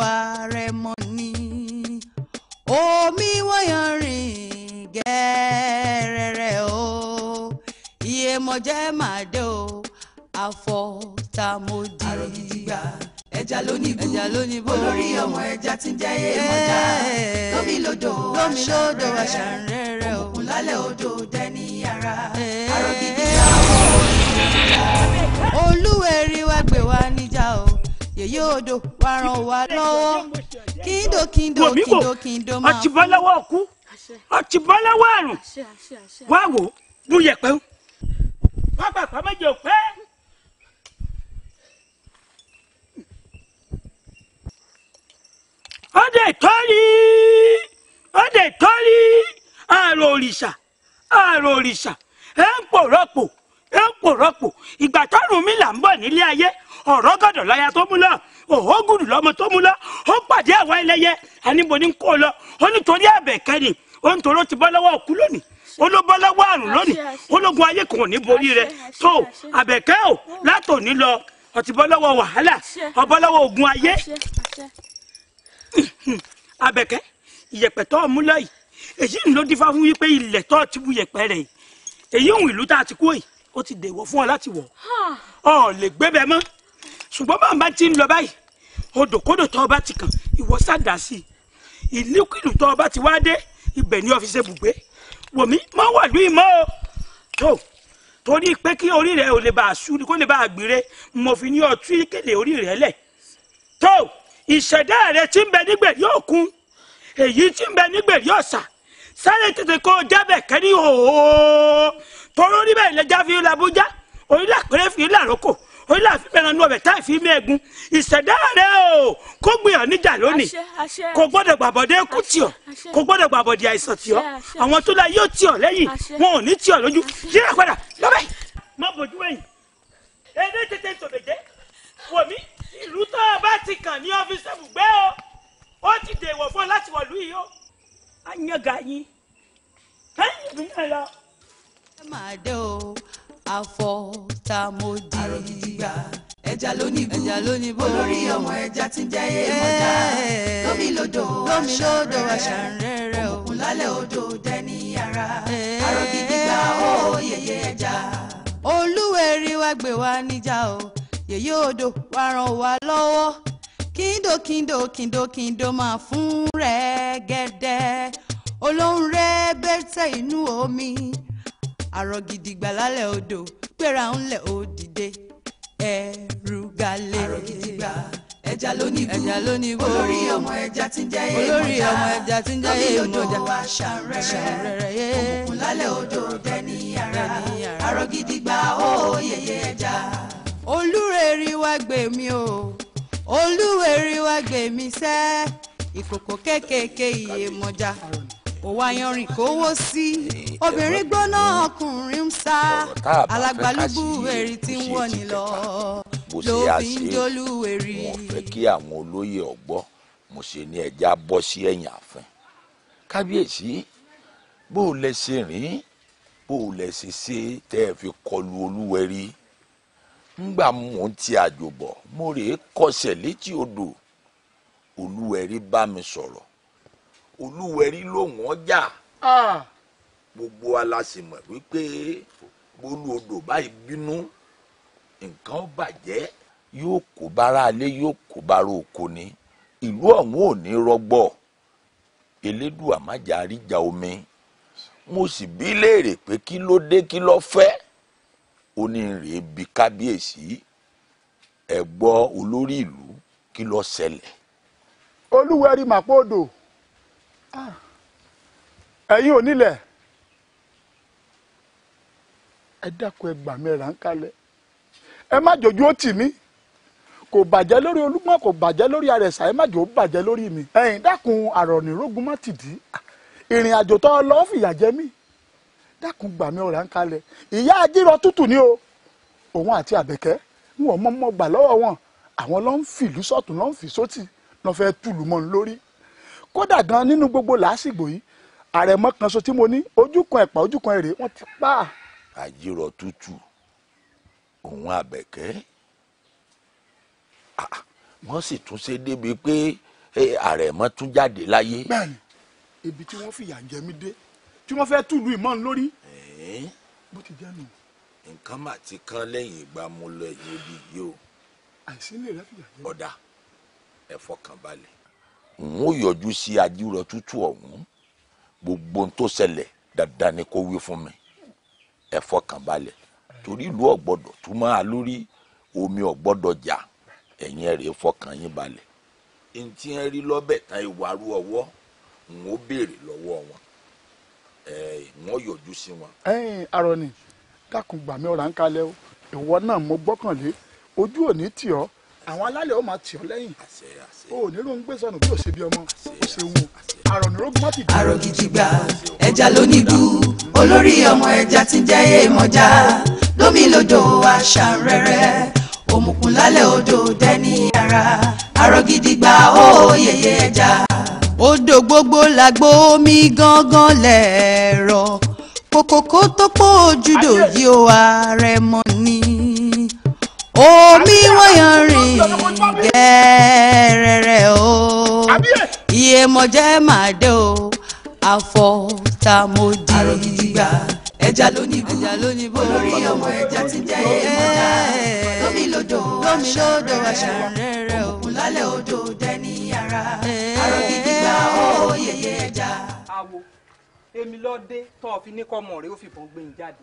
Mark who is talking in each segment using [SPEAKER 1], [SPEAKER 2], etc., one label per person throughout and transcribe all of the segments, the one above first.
[SPEAKER 1] àrẹ̀mọ ni omi wọ́yàn rìn gẹ́rẹ́rẹ́ o ìyèmọ̀jẹ́ máa dé o àfọ̀tàmọ́dì. àrògidìgbà ẹja lónìbó ẹja lónìbó olórí ọmọ ẹja tí ń jẹ́ ìyèmọ̀já lómi lódò lómi lódò àṣàrẹ́rẹ́ o òkun lálẹ́ odò dẹ́ni ara àrògidìgbà olúwẹ̀rí wá gbé wá níjà o yèyé odò wá ràn wá kindo kindo kindo. kíndò kíndò máa fún. ọtí bọ́ lọ́wọ́ ọkú
[SPEAKER 2] ọtí bọ́ lọ́wọ́ àrùn wá wò bú yẹ̀pẹ̀ ń. pápá pàmẹ́jọ pẹ́. ó dé tọ́lí ó dé tọ́lí àrò òrìṣà àrò òrìṣà ẹ̀ ń pòrọ́pò rọ́pòrọ́pò ìgbà tọ́rùn mi là ń bọ̀ nílé ayé ọ̀rọ̀ gọ̀dọ̀ lọ́ya tó mú lọ òhó gùdù lọ́mọ tó mú lọ ó pàdé àwọn ẹlẹ́yẹ àníbo ní kó lọ ó nítorí àbẹ̀kẹ́ ni ó nítorí ó ti bọ́ lọ́wọ́ òkú lónìí olóbọ́ lọ́wọ́ àrùn lónìí ológun ayé kan ò ní borí rẹ tó àbẹ̀kẹ́ ò látòní lọ ọtí bọ́ lọ́wọ́ wàhálà ọbọ́ lọ́wọ́ ogun ayé àbẹ̀kẹ́ ìyẹ̀pẹ̀ tó mú lọ yìí èyí ló dífá fún wípé ilẹ̀ tó ti bu yẹ̀pẹ̀ rẹ̀ yìí èyí òun ìlú tá a ti kú yìí ó ti dèwọ̀ fún ọ láti wọ̀ ọ lè gbé bẹ́ẹ̀ mọ́ ṣùgbọ́n bá bá ti ń lọ báyìí odòkodò tó ọba ti kàn ìwọ sàdá sí i ìlúkìlù tó ọba ti wá dé ibẹ̀ ní ọ́fíìsì ibùgbé wòmí má wà lú ìmọ̀ o tó torí pé kí orí rẹ ò lè bá a sú kó lè bá a gbére mo fi ní ọtún ìkèlè orí rẹ lẹ̀ tó ìṣẹ̀dá rẹ ti ń bẹ nígbèrè òkun èyí ti ń bẹ nígbèrè ọ̀sà sáré tètè kó o jábẹ̀ kẹ́rí òòó tọ́rọ́ níbẹ̀ ìlẹ́jà fi ilẹ̀ Àbújá orílẹ̀ àpẹẹrẹ fi ilẹ̀ àrókò orílẹ̀ àfipẹ́ran ní ọbẹ̀ tá ìfi mẹ́ẹ̀gún ìṣẹ̀dá rẹ o kó gbìyàn níjà lónìí kò gbọ́dọ̀ gbàbọ̀dé kú tì ọ́ kò gbọ́dọ̀ gbàbọ̀dé àìsàn tì ọ́ àwọn tó la yóò tì ọ́ lẹ́yìn wọn ò ní tì ọ́ lójú yíra padà lọ́bẹ̀ má bójú ẹ̀yìn ẹni tètè tòbèjẹ́ wò mí ìlú tó o bá ti kàn ní ọ́fíìsì ibùgbé o ó ti dèwọ̀ fún ọ láti wọ̀lú yìí o á yàn gà yín
[SPEAKER 1] ká yìí ló lọ máa dé o àfọ̀tàmọ́dé. àrògidìgbà ẹja lónìbó ẹja lónìbó olórí ọmọ ẹja tí ń jẹ́ èèmọ̀já lómi lódò àṣà ń rẹ́rẹ́ o òkun lálẹ́ odò dẹ́ni ara àrògidìgbà ó yẹyẹ ẹja. olúwẹ̀rí wá gbé wa níjà o yèyé odò wá ràn wá lọ́wọ́ kíndò kíndò kíndò kíndò máa fún rẹ̀ gẹ́dẹ́ olóhùn rẹ̀ bẹ́tẹ̀ inú omi àrọ̀ gidigba lálẹ́ odò gbéra ńlẹ̀ ó dìde ẹrù galẹ̀. àrọ̀ gidigba ẹja lónìbó ẹja lónìbó olórí ọmọ ẹja tí ń jẹ́ èèmọ̀já olórí ọmọ ẹja tí ń jẹ́ èèmọ̀já lórí odò aṣàrẹ̀rẹ̀ òkùnkùn lálẹ́ odò dẹni ara àrọ̀ gidigba ó yẹyẹ ẹja. olúrẹ̀rí wá gbèmí o olúwẹ̀rí wá gbèmí sẹ́ ìkòkò kékèké ìyèmọ̀já òwò ayanrìn kówó sí obìnrin gbóná ọkùnrin ń sá alágbálúgbú èrì tí ń wọ̀ ní lọ ló fi ń jólú èrì. mo
[SPEAKER 3] fẹ́ kí àwọn olóyè ọ̀gbọ́ mo ṣe ní ẹja bọ́ sí ẹ̀yìn ààfin kábíyèsí bó o lẹ ṣe rìn bó o lẹ ṣe ṣe tẹ́ ẹ fi kọlu olúwẹ̀rí ńgbà mò ń ti àjò bọ̀ mo rèé kọsẹ̀ létí odò olúwẹ̀rí bá mi sọ̀rọ̀ olúwẹ̀rí ló wọ́n jà gbogbo alásìmọ̀ wípé bólú odò báyìí bínú nǹkan ó bàjẹ́ yóò kó bára alé yóò kó bára oko ni ìlú ọ̀hún ò ní rọgbọ elédùà má àríjà omi mo sì bí léèrè pé kí ló dé kí ló fẹ́ ó ní rèé bi kábíyèsí ẹ gbọ́ olórí ìlú kí ló ṣẹlẹ̀.
[SPEAKER 2] olúwẹ̀rí màpọ̀ odò. Ah. ẹ̀yin ò nílẹ̀ ẹ dákun ẹ gbà mí ràn kalẹ̀ ẹ má jòjú ó tì mí kò bàjẹ́ lórí olúmọ kò bàjẹ́ lórí àrẹ̀sà ẹ má jò ó bàjẹ́ lórí mi ẹ̀yin dákun àrọ̀nìrógun má ti dì í ìrìn àjò tó lọ fìyà jẹ mí dákun gbà mí ràn kalẹ̀ ìyá ajírọ tútù ni o òun àti àbẹ̀kẹ́ ń wọ́n mọ́ mọ́ gbà lọ́wọ́ wọn àwọn ló ń fìlú sọ̀tún ló ń fi sótì ló fẹ́ tùlù mọ́ ń lórí kódà gan nínú gbogbo làásìgbò yìí àrẹ̀mọ kan so tí mo ní ojú kan ẹ̀pà ojú èrè wọ́n ti pa.
[SPEAKER 3] àjírọ̀ tútù òun àbẹ̀kẹ́ ah, ah, wọ́n sì tún ṣe débi pé àrẹ̀mọ tún jáde láyé. bẹ́ẹ̀ni
[SPEAKER 2] ibi tí wọ́n fìyà jẹ mí dé tí wọ́n fẹ́
[SPEAKER 3] tùlù ìmọ̀ lórí bó ti jẹ́ nù. nǹkan mà ti kán lẹ́yìn ìgbà mo lọ ẹ̀yẹ́ bí yìí o. àìsí lè rẹ́ fìyà jẹ. ọ̀dà ẹ fọkàn balẹ̀ òun ó yọjú sí ajírọ tútù ọ̀hún gbogbo tó ṣẹlẹ̀ dandan ni kó wí fún mi ẹ fọkàn balẹ̀ torí ìlú ọgbọdọ tún máa lórí omi ọ̀gbọ́dọ̀ jà ẹ̀yin ẹ̀rẹ́ fọkàn yín balẹ̀ ntí ẹ rí lọ́bẹ̀ tán ìwàrú ọwọ n ó béèrè lọ́wọ́ wọn ẹ wọn yọjú sí wọn.
[SPEAKER 2] ẹ̀yin arọ ni dákun gbàmí ọ̀rá ń kalẹ̀ o ìwọ náà mo gbọ́kànlé ojú òní tì ọ́ àwọn alálẹ̀ ó máa tì ọ́ lẹ́yìn o ò ní ròun gbé sọnù bí ò ṣe bí ọmọ
[SPEAKER 1] ó wù àrònúrógún má ti dùn. àrògìdìgbà ẹja lónídù olórí ọmọ ẹja ti jẹ́ èèmọ̀já lómi lodò àṣà rẹ̀rẹ̀ òmùkùn lálẹ́ odò dẹ́ni ara àrògìdìgbà ó yẹyẹ ẹja. odò gbogbo làgbó omi gangan lẹ̀rọ kòkòkò tó pọ̀ ojúdò yìí ó ààrẹ mọ́ ni omi wọ́n yan rìn gẹ́rẹ́rẹ́ o iyemọ̀jẹ́ máa dé o àfọ̀tàmọ́jì. àrò gidi gbà ẹja lónìbó olórí ọmọ ẹja ti jẹ iyemọ̀já lómi lódò aṣọ rẹ̀rẹ̀ òkun lálẹ́ odò dẹ́ni ara àrò gidi gbà ó yẹyẹ ẹja. àwo
[SPEAKER 2] èmi ló dé tó o fi ní kọ́mọ rẹ̀ ó fi bọ́n gbé jáde.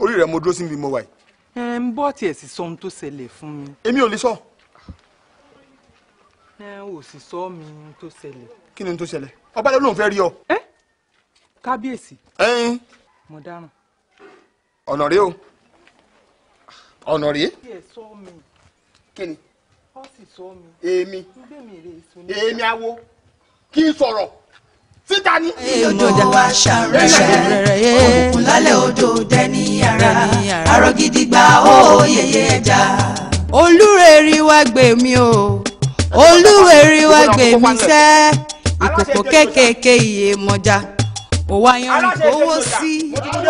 [SPEAKER 2] orí rẹ̀ mo dúró sí ibi mo wà yìí ẹ ń bọ́ tiẹ̀ sì sọ ohun tó ṣẹlẹ̀ fún mi. èmi ò lè sọ. ẹ ò sì sọ mi ohun tó ṣẹlẹ̀. kí ni ohun tó ṣẹlẹ̀ ọba lẹ́nu òun fẹ́ rí ọ. ẹ kábíyèsí. ẹyin. mo dáràn. ọ̀nà rèé o ọ̀nà rèé. kí ni. ọ sì sọ mi. èmi
[SPEAKER 1] èmi awo kí n sọ̀rọ̀ síta ni. odò wa ṣàrẹ̀ṣẹ̀ òkun lálẹ́ odò dẹ́ni ara arọ gidi gba ó yẹyẹ ẹja. olúrẹ̀rí wá gbè mí o olúrẹ̀rí wá gbè mí sẹ́ ìkòkò kékèké iye mọ́já òwò ayanrin gbowó sí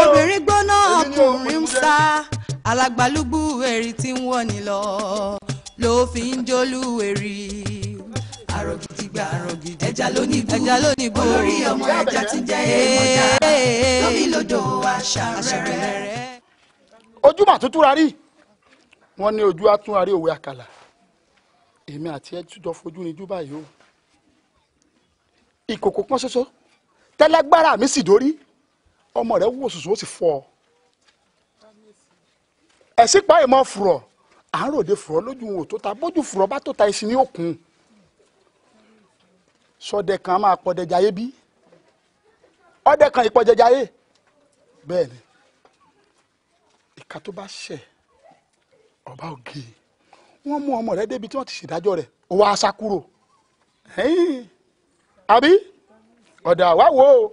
[SPEAKER 1] obìnrin gbóná ọkùnrin ń sá alàgbàlúgbú èrì tí ń wọ̀ ní lọ ló fi ń jólú èrì àròjù ti gbà ẹja lónìbù ẹja lónìbù olórí ọmọ ẹja ti jẹ èèmọjà lómi lodò aṣàrẹrẹ. ojú mà tó túra rí
[SPEAKER 2] wọn ní ojú atúnrarí òwe àkàlà èmi àti ẹ jọ fojú níjú báyìí o ìkòkò kan ṣoṣo tẹlẹgbára mi sì dórí ọmọ rẹ wò sùsù ó sì fọ ọ ẹsìn pa ìmọ̀ fùrọ̀ à ń fùrọ̀ lójú wò tó ta bójú fùrọ̀ bá tó ta iṣu ní òkun sọdẹ kan máa pọdẹjayé bí ọdẹ kan ìpọdẹjayé bẹ́ẹ̀ ni ìka tó bá ṣẹ̀ ọba ògè wọ́n mú ọmọ rẹ débi tí wọ́n ti ṣèdájọ́ rẹ̀ ó wá aṣá kúrò àbí ọ̀dà wá wò ó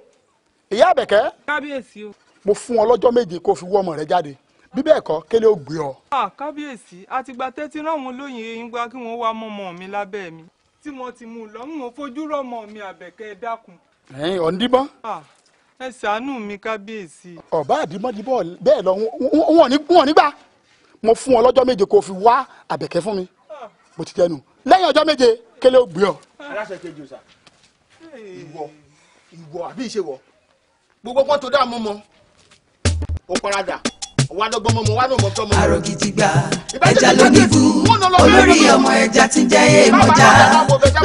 [SPEAKER 2] ìyá àbẹ̀kẹ́ kábíyèsí o mo fún ọ lọ́jọ́ méje kó o fi wú ọmọ rẹ jáde bí bẹ́ẹ̀ kọ́ kélé ó gbé ọ. Ah, kábíyèsí àtìgbà tẹ́tí ráwọn olóyìn eyín gba kí wọ́n wá mọ́mọ́ mi lábẹ́ mi tí mo ti mú un lọ mo fojú rọmọ mi àbẹ̀kẹ́ ẹ dákun. ẹyin ọ̀ ń díbọ́n. ẹ ṣàánú mi kábíyèsí. ọ̀bá àdìmọ́dìbọ̀ bẹ́ẹ̀ lọ wọn ò ní gbà mo fún ọ lọ́jọ́ méje kó fi wá àbẹ̀kẹ́ fún mi bó ti tẹnu lẹ́yìn ọjọ́ méje kélé ó gbé ọ. aláṣẹ kejì ọ̀sà ìwọ ìwọ àbí ìṣèwọ gbogbo pọ́n tó dáa mú mọ́ ó paradà wà lọ́gbọ́n mọ́ mọ́ wà lọ́mọ́ tọ́mọ́. àrògidìgbà
[SPEAKER 1] ẹja ló ní bú olórí ọmọ ẹja ti jẹ́ èèmọ̀já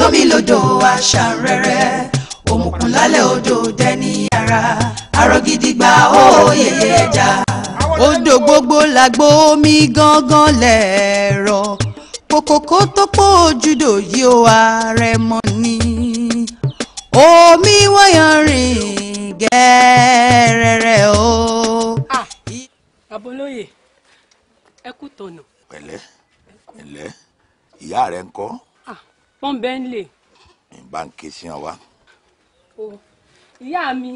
[SPEAKER 1] lómi lodò àṣà rẹ̀rẹ̀ òmùkùn lálẹ́ odò dẹ́ni ara àrògidìgbà ó yẹyẹ ẹja. odò gbogbo làgbo omi gangan lẹ̀rọ kòkòkò tó pọ̀ ojúdò yìí ó ààrẹ mọ́ ni omi wọ́yàn rìn
[SPEAKER 3] gẹ́rẹ́rẹ́ o.
[SPEAKER 1] Ah babolóye
[SPEAKER 2] ẹ kú tọ̀nà.
[SPEAKER 3] pẹ̀lẹ́ pẹ̀lẹ́ ìyá rẹ ń kọ́. wọ́n bẹ́ẹ̀ ń lè. ìbá ń ké sí ọ wá.
[SPEAKER 2] o ìyá mi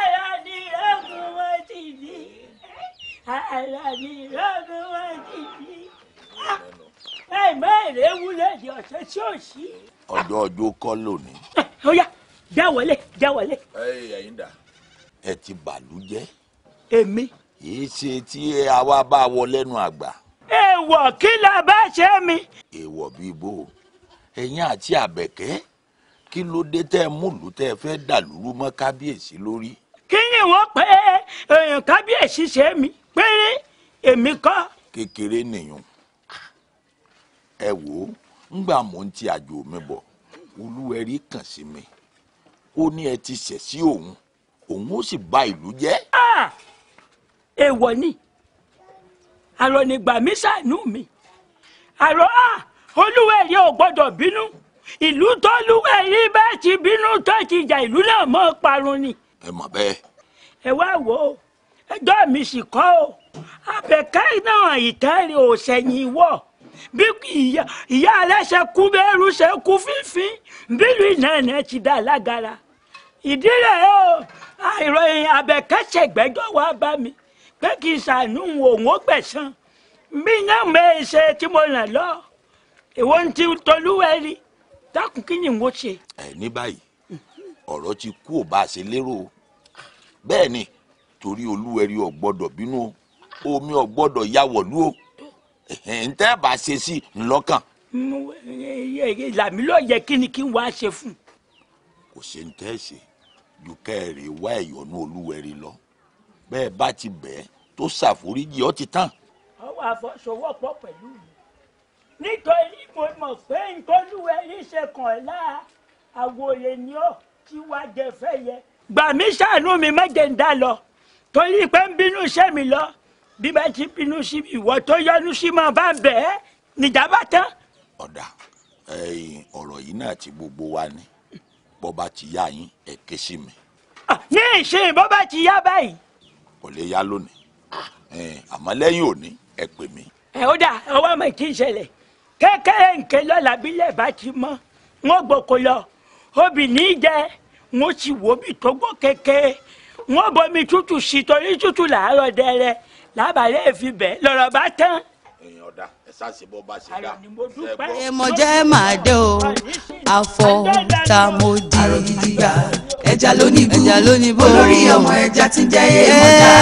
[SPEAKER 2] àlàní lọ́dún wá sí
[SPEAKER 3] ọjọ́ ọjọ́ kọ́ lónìí.
[SPEAKER 2] Eh, já wọlé já wọlé.
[SPEAKER 3] ẹyin dà. ẹ ti bàlú jẹ́. èmi. yìí ṣe tí àwa bá wọ lẹ́nu àgbà.
[SPEAKER 2] èèwọ̀ kí la bá ṣe mi.
[SPEAKER 3] èèwọ̀ bíi bò ó ẹ̀yin àti àbẹ̀kẹ́ kí ló dé tẹ́ múlùú tẹ́ fẹ́ dàlúrú mọ́ kábíyèsí lórí. kí ni wọ́n pé èèyàn kábíyèsí ṣe mí péré èmi kọ́. kékeré nìyẹn ẹ wò ó ńgbà mò ń ti àjò mi bọ̀ olúwẹ̀rí kàn sí mi ó ní ẹ ti ṣẹ̀ sí òun òun ó sì bà ìlú jẹ́. èèwọ̀ ni àrò nígbà mi ṣàánú
[SPEAKER 2] mi àrò à olúwẹ̀rí ò gbọ́dọ̀ bínú ìlú tọ́lúwẹ̀rí bẹ́ẹ̀ ti bínú tó ti jà ìlú náà mọ́ parun ni. ẹ mọ̀ bẹ́ẹ̀. ẹ wá wò ó ẹjọ́ mi sì kọ́ o àbẹ̀kẹ́ náà ìtẹ́rẹ̀ ò sẹ́yìn wọ̀ bí ìyá aláṣẹ kú bẹ́ẹ̀rù ṣe kú fífín bílù ìnáyẹn ti dá lágara ìdí rẹ̀ o àìròyìn àbẹ̀kẹ́sẹ̀gbẹ́jọ́ wá bá mi pé kì í ṣàánú òun ó gbẹ̀san bí náà mẹ́ẹ̀ tí mo nà lọ ìwọ ń ti tolúwẹ̀ rí ẹ
[SPEAKER 3] ní báyìí ọ̀rọ̀ ti kú ò bá a ṣe lérò bẹ́ẹ̀ ni torí olúwẹ̀rí bínú o omi gbọ́dọ̀ wọ̀lú o ń tẹ́ bá ṣe sí
[SPEAKER 2] yẹ kí ni kí n wá
[SPEAKER 3] kò ṣe ń tẹ́ ṣe ju kẹ́ẹ̀rẹ́ wá ẹ̀yọ́nú olúwẹ̀rí lọ bẹ́ẹ̀ bá ti bẹ̀ẹ́ tó ṣàforíjì ó ti tán.
[SPEAKER 2] ọwọ́ àfọ̀sowọ́pọ̀ pẹ̀lú mi nítorí mo mọ̀ pé ntọ́lúwẹ̀rí ṣe kàn ẹ́ láà àwòrè ni ó ti wá jẹ fẹ́ yẹ. gbà mí ṣàánú mi mẹ́jẹ̀ ń dá lọ torí pé ń bínú iṣẹ́ mi lọ bí bá ti bínú sí ìwọ tó yọnu sí máa bá bẹ̀ẹ́ nìjà bá tán. ọ̀dà
[SPEAKER 3] ọ̀rọ̀ yìí náà ti gbogbo wa ni bọ́ba ti yá yín ẹ ké sí mi. ní ìsìn bọ́ba ti yá báyìí. kò lè yá lónìí àmọ́ lẹ́yìn òní ẹ pè mí.
[SPEAKER 2] ẹ ó dà ọwọ́ mi kì í ṣẹlẹ̀ kékeré nǹkan lọ́la bílẹ̀ bá ti mọ́ n ó gboko lọ obì ní í jẹ n ó wò bí tó gbọ́ kékeré n bomi tútù sí torí tútù làárọ̀ dẹrẹ lábàárẹ̀ fi bẹ́ẹ̀ lọ́rọ̀ bá tán
[SPEAKER 3] èèyàn ọ̀dà ẹ̀sà ṣe bọ́ bá ṣe dá. èmọ̀jẹ́ máa dé
[SPEAKER 1] o àfọ̀ ta mo di. àrò gidi gbà ẹja lónìbó ẹja lónìbó olórí ọmọ ẹja ti jẹ́ èèmọ̀já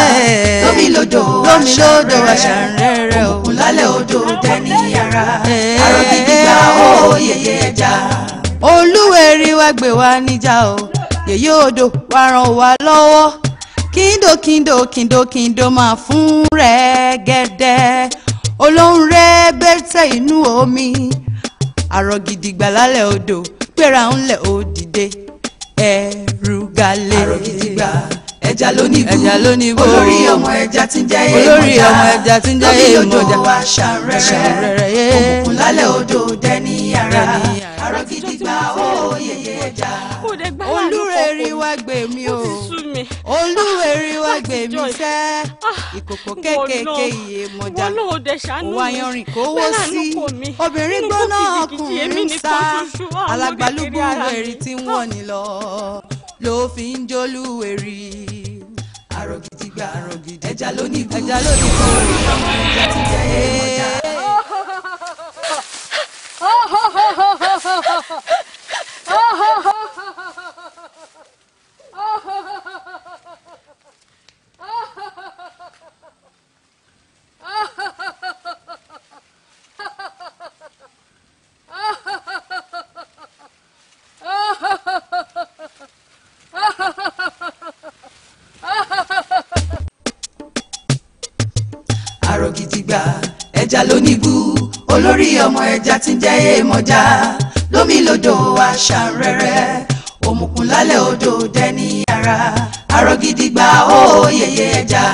[SPEAKER 1] lómi lódò lómi lódò aṣàrẹ́rẹ́ o òkùnkùn lálẹ́ odò dẹ́ni yàrá àrò ó yẹyẹ ẹja. olúwerí wá gbé wa níjà o yèyé odò wá ràn wá lọ́wọ́ kíndòkíndò kíndòkíndò máa fún rẹ̀ gẹ́dẹ́ olóhùn rẹ bẹ́tẹ̀ inú omi àrọ̀ gidigba lálẹ́ odò gbéra ńlẹ̀ ó dìde ẹ̀rù galẹ̀. àrọ̀ gidigba ẹja lónìbó ẹja lónìbó olórí ọmọ ẹja tí ń jẹ́ èèmọ̀já olórí ọmọ ẹja tí ń jẹ́ èèmọ̀já lórí odò wa ṣàrẹ̀rẹ̀ òkùnkùn lálẹ́ odò dẹni ara àrọ̀ gidigba ó yẹyẹ ẹja. olúwerí wa gbèmí sẹ́ ìkòkò kéékèèké iye mọ̀já òwàyànrìn kó wó sí obìnrin gbóná ọkùnrin sá alágbálúgbú wẹ̀rí tí ń wọ̀ ní lọ ló fi ń jólúwerí àrògidìgbà ẹja lónìí kú ẹja lónìí kú ẹja ti jẹ ẹja. Oh, ho, ho, ho, ho, ho, ho, ho, ho, ho, ho. ẹja lóníbú olórí ọmọ ẹja tí ń jẹ́ èèmọ̀já lómi àṣà rẹ̀rẹ̀ òmùkùn lálẹ́ odò dẹ́ni ara arọ́gídígba ó yẹyẹ ẹja.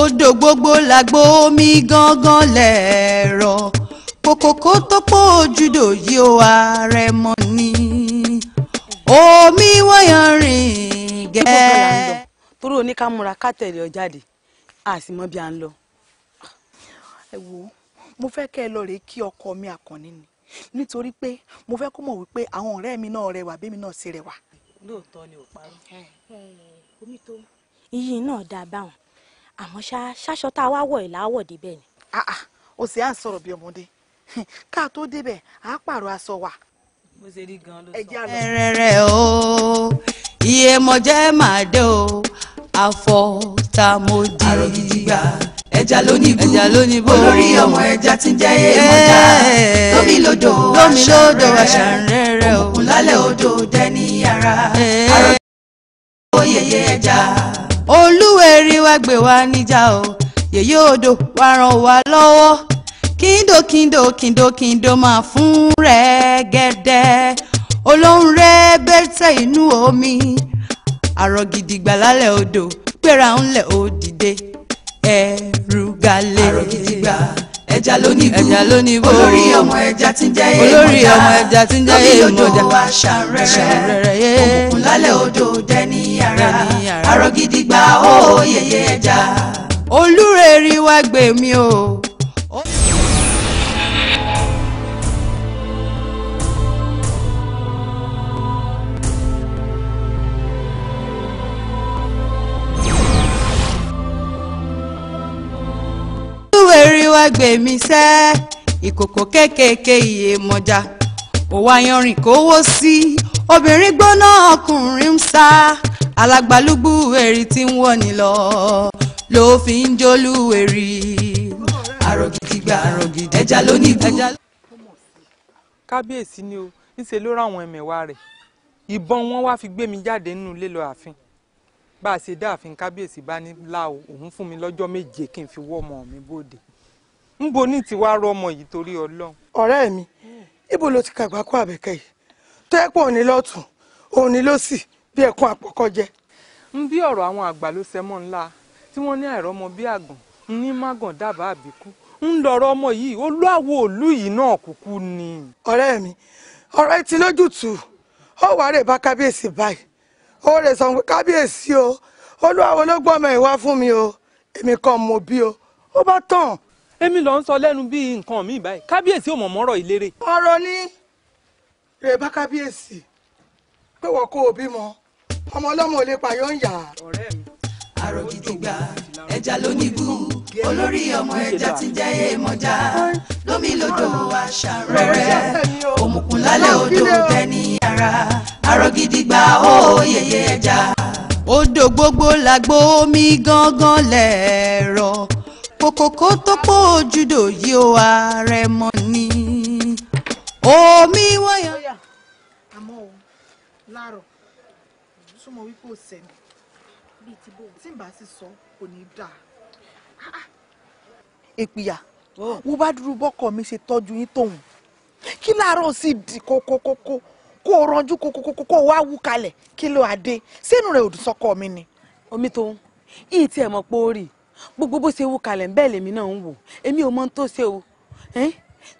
[SPEAKER 1] odò gbogbo làgbo omi gangan lẹ̀rọ kòkòkò tó pọ̀ ojúdò yìí ó ààrẹ mọ́ ni omi wọ́yàn rìn gẹ́.
[SPEAKER 2] torí oníkàmúra ká tẹ̀lé ọ jáde a sì mọ bí a ń lọ. ẹ wo mo fẹ́ kẹ́ ẹ lọ rèé kí ọkọ mi àkànní ni nítorí pé mo fẹ́ kó mọ̀ wípé àwọn ọ̀rẹ́ mi náà rẹwà bẹ́mi náà ṣe rẹwà. lóòótọ́ ni ò parọ́. omi tó. iyì náà dáa báwọn àmọ́ ṣáṣọ tá a wá wọ̀ ẹ̀ láwọ̀ débẹ̀ ni. Ah, ah, o sì á ń sọ̀rọ̀ bí ọmọdé ká tó débẹ̀ á pààrọ̀ aṣọ wa. mo ṣe rí gan ló sọ.
[SPEAKER 1] ẹrẹrẹ o iye mọ̀jẹ́ màdé o àfọ̀tàmọ́dé. àrògidì gbà ẹja lónìí bú ẹja lónìí bú olórí ọmọ ẹja tí ń jẹ́ èèmọ̀já lómi lódò aṣàrẹ́rẹ́ òkun lálẹ́ odò dẹ́ni ara àròjọ oyèyè ẹja. olúwerí wá gbé wa níjà o yèyé odò wá ràn wá lọ́wọ́ kíndò kíndò kíndò kíndò máa fún rẹ̀ gẹ́dẹ́ olóhùn rẹ̀ bẹ́tẹ̀ inú omi àrọ̀ gidigba lálẹ́ odò gbéra ńlẹ̀ ó dìde ẹrù galè. àrò kìtìgbà ẹja lónìbù ẹja lónìbù olórí ọmọ ẹja tí ń jẹ́ èèmọ̀já olórí ọmọ ẹja tí ń jẹ́ èèmọ̀já lórí odò aṣàrẹrẹ òkùnkùn lálẹ́ odò dẹni ara àrò gidi gba ó yeye ẹja. olúrẹ̀rí wá gbèmí o. wá gbé mi sẹ́ ìkòkò kéékèèké iye mọ́já òwò ayanrìn kówó sí obìnrin gbóná ọkùnrin ń sá alágbálúgbú èrì tí ń wọ̀ ní lọ ló fi ń jólú èrì àrògìdìgbà àrògìdì ẹja ló ní ibú. kábíyèsí ni o níṣẹ́ ló ráwọn ẹ̀mẹ̀wá rẹ̀
[SPEAKER 2] ìbọn wọn wá fi gbé mi jáde nínú ilé lọ ààfin bá a ṣe dáàfin kábíyèsí bá
[SPEAKER 4] ní láò òun fún mi lọ́jọ́ méje kí n fi wọ́ ọmọ mi bóde ńbo ní tiwa rọmọ yìí torí Ọlọ́run.
[SPEAKER 2] ọ̀rẹ́ mi ibo ló ti kàgbá kó àbẹ̀kẹ́ yìí tó yẹ pé òní lọ́tún òní ló sì bí ẹkún àpọ̀kọ́ jẹ. ń bí ọ̀rọ̀ àwọn àgbà ló sẹ́mọ́ ńlá tí wọ́n ní àìrọ́mọ bí àgàn ń ní mágàn dábàá àbíkú ń lọ̀rọ̀ ọmọ yìí olúàwo òlú yìí náà kúkú ni. ọ̀rẹ́ mi ọ̀rọ̀ ti lójútùú ó wàá rè bá kábíyèsí báyìí ó rè sọ pé kábíyèsí o olúàwo ló gbọ́ ọmọ ìwá fún mi o èmi kan mo bí o ó bá tàn èmi ló ń sọ lẹ́nu bíi nǹkan mi báyìí kábíyèsí ò mọ̀ mọ́rọ̀ ìlérè. ọ̀rọ̀ ni rèébá kábíyèsí pé wọ́n kó o bímọ ọmọ ọlọ́mọ ò lè pààyàn ń yà. ọ̀rẹ́ mi.
[SPEAKER 1] àròkìtìgbà ẹja ló nígùn olórí ọmọ ẹja ti jẹ́ èèmọ̀já lómi lódò àṣà rẹ̀rẹ̀ òmùkùn lálẹ́ odò tẹ́ni ara àròkìtìgbà ó yẹyẹ ẹja. odò gbogbo làgbo omi gángan lẹ̀rọ kòkòkò tó pọ̀ ojúdò yìí ó ààrẹ mọ́ ni omi wọ́yọ̀.
[SPEAKER 2] àmọ́ o láàárọ̀ súnmọ́ wípé ò sẹ́ni bíi ti bò tí n bá sì sọ kò ní dáa. Ah, ìpìyà ah. oh. wo bá dúró bọ́kọ̀ mi ṣe tọ́jú yín tòun kí láàárọ̀ sì di kókókókó kó o ranjú kókókókó kó o wá wú kalẹ̀ kí ló adé sínú rẹ̀ òdùsọ́kọ mi ni. omi tó ń yìí tiẹ̀ mọ̀ pé ó rì í gbogbo bó ṣe wú kalẹ̀ bẹ́ẹ̀ lèmi náà ń wò èmi ò mọ ohun tó ṣe o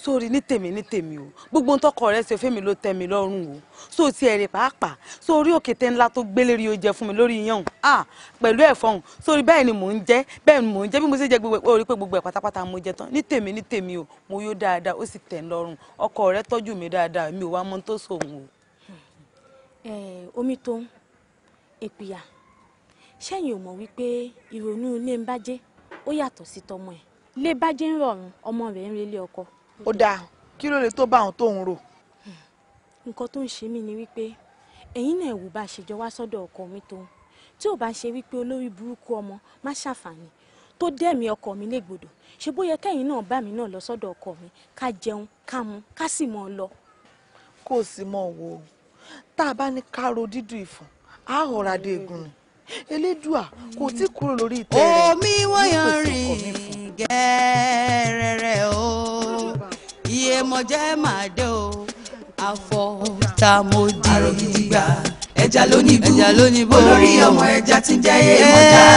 [SPEAKER 2] sórí ní tèmi ní tèmi o gbogbo ohun tọkọ rẹ ṣe fẹmi ló tẹ́mi lọ́rùn o so ti ẹrẹ pàápàá sórí òkété ńlá tó gbélérí o jẹ fún mi lórí iyán ah pẹ̀lú ẹ̀fọ́ ọ̀hún sórí bẹ́ẹ̀ ni mò ń jẹ bẹ́ẹ̀ ni mò ń jẹ bí mo ṣe jẹ gbogbo ẹ orí pé gbogbo ẹ pátápátá mo jẹ tán ní tèmi ní tèmi o mo yó dáadáa ó sì tẹ́ ń lọ́rùn ọkọ rẹ tọ́jú mi dáadáa mi ò wá mọ tó sòun o. omi tó ń èpìyà ṣẹ́yìn ò mọ̀ wípé ìrònú ilé ń bàjẹ́ ó yàtọ̀ sí tọmọ ẹ̀ lé bàjẹ́ ń rọrùn ọmọ rẹ̀ ń relé ọkọ. ó dáa kí ló lè tó bá àwọn tóun rò. Hmm. nǹkan tó ń ṣe mí ni wípé ẹ̀yin náà wò bá a ṣe jọ wá sọ́dọ̀ ọkọ mi tóun tí ò bá ṣe wípé olórí burúkú ọmọ má ṣàǹfààní tó dẹ́mi ọkọ mi légbodò ṣe bó yẹ kẹ́yìn náà bá mi náà lọ sọ́dọ̀ ọkọ mi ká jẹun ká mu ká sì mọ́ ọ lọ. kó o sì mọ̀ tá a bá ní ká ro dídùn ìfọ̀n á họra dé egun ni elédùà kò tí kúrò
[SPEAKER 1] lórí ìtẹ́ rẹ̀ omi wọ́yàn rìn gẹ́rẹ́rẹ́ o iye mọ̀jẹ́ máa dé o àfọ̀tàmọ́dì gbà ẹja lónìbó ẹja lónìbó olórí ọmọ ẹja tí ń jẹ́ èèmọ̀já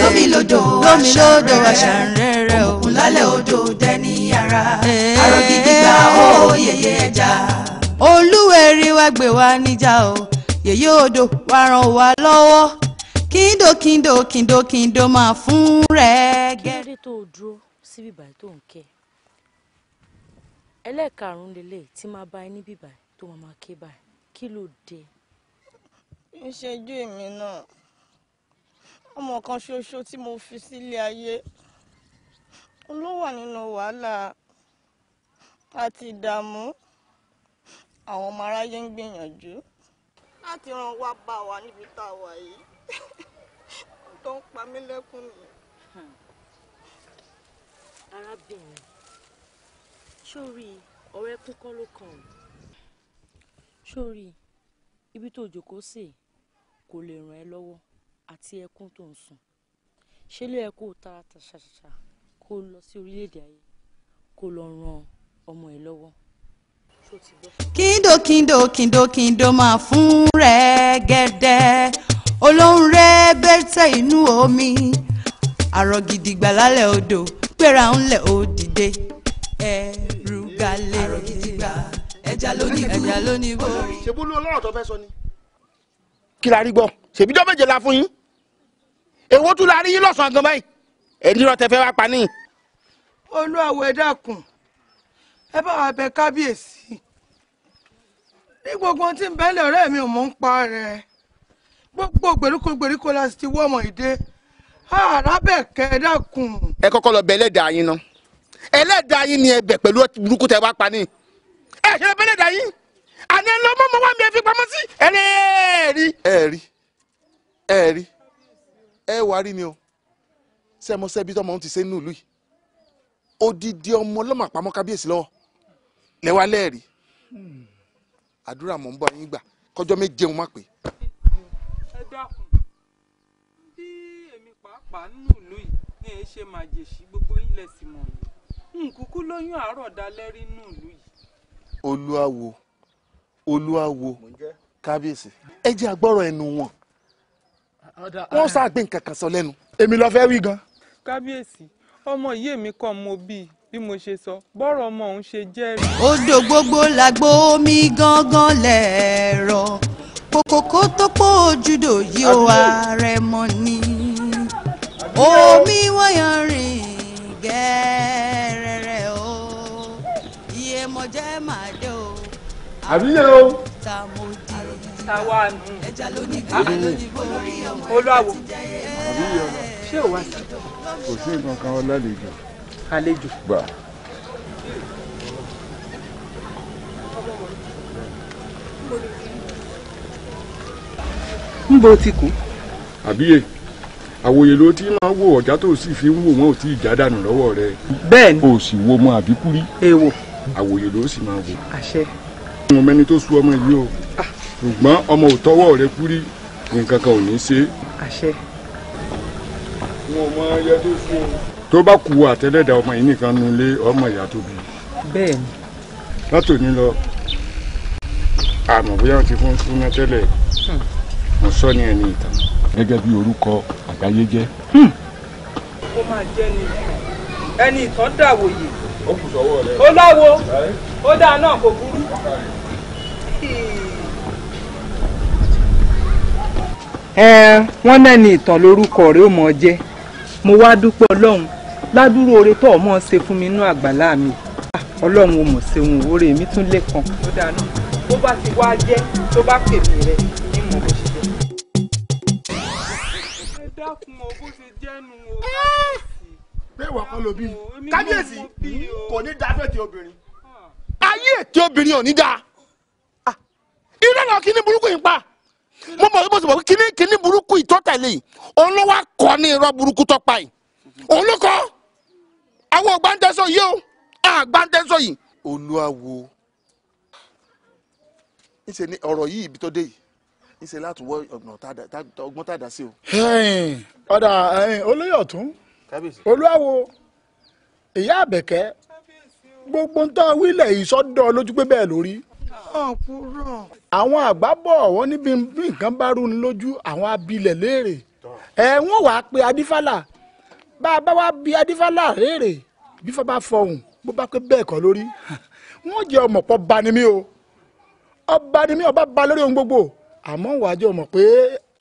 [SPEAKER 1] lómi lódò lómi lódò àṣàrẹ́rẹ́ o òmùkúnlálẹ̀ odò dẹ́ni ara àrògidì gbà yẹyẹ ẹja. olúwẹ̀rí wa gbé wa níjà o yèyé odò wa ràn wá lọ́wọ́. Kindo, kindo, kindo, kindo, ma fun rẹ gẹ́. kí
[SPEAKER 2] ló dé tó o dúró síbi ìbàdí tó ń kẹ́ ẹlẹ́ẹ̀karùn-ún lélẹ̀ tí máa bá ẹ níbi ìbàdí tó máa máa ké báyìí kí ló dé. ìṣẹ́jú èmi náà ọmọ kan ṣoṣo tí mo fi sílé ayé ló wà nínú wàhálà
[SPEAKER 4] àti ìdààmú àwọn ọmọ aráyé ń gbìyànjú láti ràn wá bá wa níbi tá a wà yìí tó ń pa mí lẹ́kún mi. arábìnrin
[SPEAKER 2] sórí ọ̀rẹ́ kún ló kàn ọ́ sórí ibi tó jókòó sí kò lè ràn ẹ́ lọ́wọ́ àti ẹkún tó ń sùn ṣé ló yẹ kó tara ta ṣàṣàṣà kó lọ sí orílẹ̀-èdè ayé kó lọ ran ọmọ ẹ lọ́wọ́.
[SPEAKER 1] kíndòkíndò kíndòkíndò máa fún rẹ̀ gẹ́dẹ́ olóhùn rẹ bẹ́tẹ̀ inú omi àrọ̀ gidigba lálẹ́ odò gbéra ńlẹ̀ ó dìde ẹrù galẹ̀ àrọ̀ gidigba ẹja lóní ẹja lóní
[SPEAKER 2] bó. ṣebú ló lọ́rọ̀ tó fẹ́ sọ ni. kí la rí gbọ́ ṣèbí dọ́ méje la fún yín èwo tún la rí yín lọ́sàn-án gan báyìí ẹ̀rí rọ̀ tẹ fẹ́ wá pa níyì. olú àwọ̀ ẹ dákun ẹ bá wa bẹ kábíyèsí ní gbogbo ohun tí ń bẹ́lẹ̀ ọ̀rẹ́ mi ò mọ̀ ń pa rẹ̀ gbogbo gbèríko gbèríko la sì ti wọ́ ọmọ ìdè arábẹ̀kẹ́ dákun. ẹ kọ́kọ́ lọ bẹ ẹlẹ́dàá yín náà ẹlẹ́dàá yín ni ẹbẹ̀ pẹ̀lú burúkú tẹ wá pa ní. ẹ ṣe bẹ́ẹ̀ lẹ́dàá yín àná ẹ lọ mọ́ mọ́ wá mi ẹ fi pamọ́ sí ẹni ẹ rí. ẹ rí ẹ rí ẹ wà rí ni o ṣé ẹ mọ sẹ́bi tọ́mọ ohun ti ṣe nínú ìlú yìí odidi ọmọ ọlọ́mọ àpamọ́ kábíyèsí lọ́wọ́ lẹ́wà lẹ́ẹ̀rí hmm. àdúrà mọ̀ ń bọ̀ yín gbà kọjọ́ méje wọn má pè é. pàápàá nínú ìlú yìí ní ẹ ṣe màjèṣí gbogbo ilẹ̀ sì mọ̀ yìí nkùkú lóyún àárọ̀ dalẹ́ rí nínú ìlú yìí. olúawo olúawo kábíyèsí ẹ jẹ́ agbọ́rọ̀ ẹnu wọn wọ́n ṣàgbé nǹkan kan sọ lẹ́nu
[SPEAKER 1] èmi lọ fẹ́ wí gan.
[SPEAKER 2] kábíyèsí ọmọ yìí èmi kan mo bí bí mo ṣe sọ bọ́rọ̀
[SPEAKER 1] ọmọ òun ṣe jẹ́ rí. odò gbogbo làgbó omi gángan lẹ̀rọ kòkòkò tó pọ̀ ojúdò yìí ó ààrẹ mọ́ ni omi wọ́yọ̀ rìn gẹ́rẹ́rẹ́ o iye mo jẹ́ màá dé o. àbíyẹ o. ta mo di táwa nù. ẹja lónìí gbé lónìí borí ọmọ olúwawo. àbíyẹ o.
[SPEAKER 2] ṣé o wá sí. kò sí nǹkan kan ọlálejò. àlejò. gbà. ń bo ti kù. àbíyẹ àwòyè ló ti máa wo ọ̀já tó sì fi ń wò wọn ò tí ì já dànù lọ́wọ́ rẹ.
[SPEAKER 3] bẹ́ẹ̀ni. o sì wo ọmọ àbíkú rí.
[SPEAKER 2] èèwọ̀. àwòyè ló sì máa wò. àṣẹ. ọmọ mẹni tó sú ọmọ yìí o ah. ṣùgbọ́n ọmọ ò tọwọ́ rẹ kú rí nǹkan kan ò ní í ṣe. àṣẹ.
[SPEAKER 3] wọn ò mọ ẹyẹ tó sú o.
[SPEAKER 2] tó bá ku àtẹlẹ́dà ọmọ yìí nìkan nu lé ọmọ ìyá tó bí. bẹ́ẹ̀ni. látòní lọ àmọ́ bóyá wọn ti fún súnmọ́ tẹ́lẹ̀ hmm. mo sọ ní ẹni ìtàn.
[SPEAKER 3] gẹ́gẹ́ bí orúkọ àgbáyé jẹ́.
[SPEAKER 1] Hmm.
[SPEAKER 2] ó máa jẹ́ ni ẹni ìtàn dàwòye ó láwo ó dáa náà kò burú. wọ́n nẹ́ni ìtàn lórúkọ rẹ̀ ó mọ̀ jẹ́ mo wá dúpẹ́ ọlọ́run ládùúrò oore tó ọmọ ṣe fún mi inú àgbàlá mi ah, ọlọ́run ò mọ̀ ṣe òun òre mi tún lé kan. ó bá ti wá jẹ́ tó bá pèmí rẹ̀ ní mọ̀ bó ṣe dákun o bó ṣe jẹ́nu o kábíyèsí. pé ìwà kan ló bí kábíyèsí kò ní dáa fẹ́ẹ́ ti obìnrin. Ah. ayé ètò obìnrin ò ní dáa ah. irú ẹ̀rọ kí ni burúkú yìí pa mo mọ̀ mo sì mọ̀ kí ni kí ni burúkú yìí tọ́ta ilé yìí òun ló ní irọ́ burúkú tó pa yìí òun àwọn ògbáńtẹ́sọ yìí o àgbáńtẹ́sọ yìí olúwa wo ń ṣe ni ọ̀rọ̀ yìí ibi tó dé yìí níṣẹ́ láti wọ ọgbọ́n tàdá sí o. ọ̀dà olóyè ọ̀tún olúwawo ìyá àbẹ̀kẹ́ gbogbo ń tọ́ wílẹ̀ ìsọdọ̀ lójú pé bẹ́ẹ̀ lórí. àwọn àgbà bọ̀ wọ́n níbi nǹkan bá rú ni lójú àwọn abilẹ̀ léèrè ẹ̀ wọ́n wàá pe adífálà bá a bá wá bi adífálà léèrè bí bá fọhùn bó bá pé bẹ́ẹ̀ kọ́ lórí wọ́n jẹ́ ọmọ pọ̀ bá ni o ọba ni mí ọba ba lórí ohun gbogbo àmọ́ wàá jẹ́ pé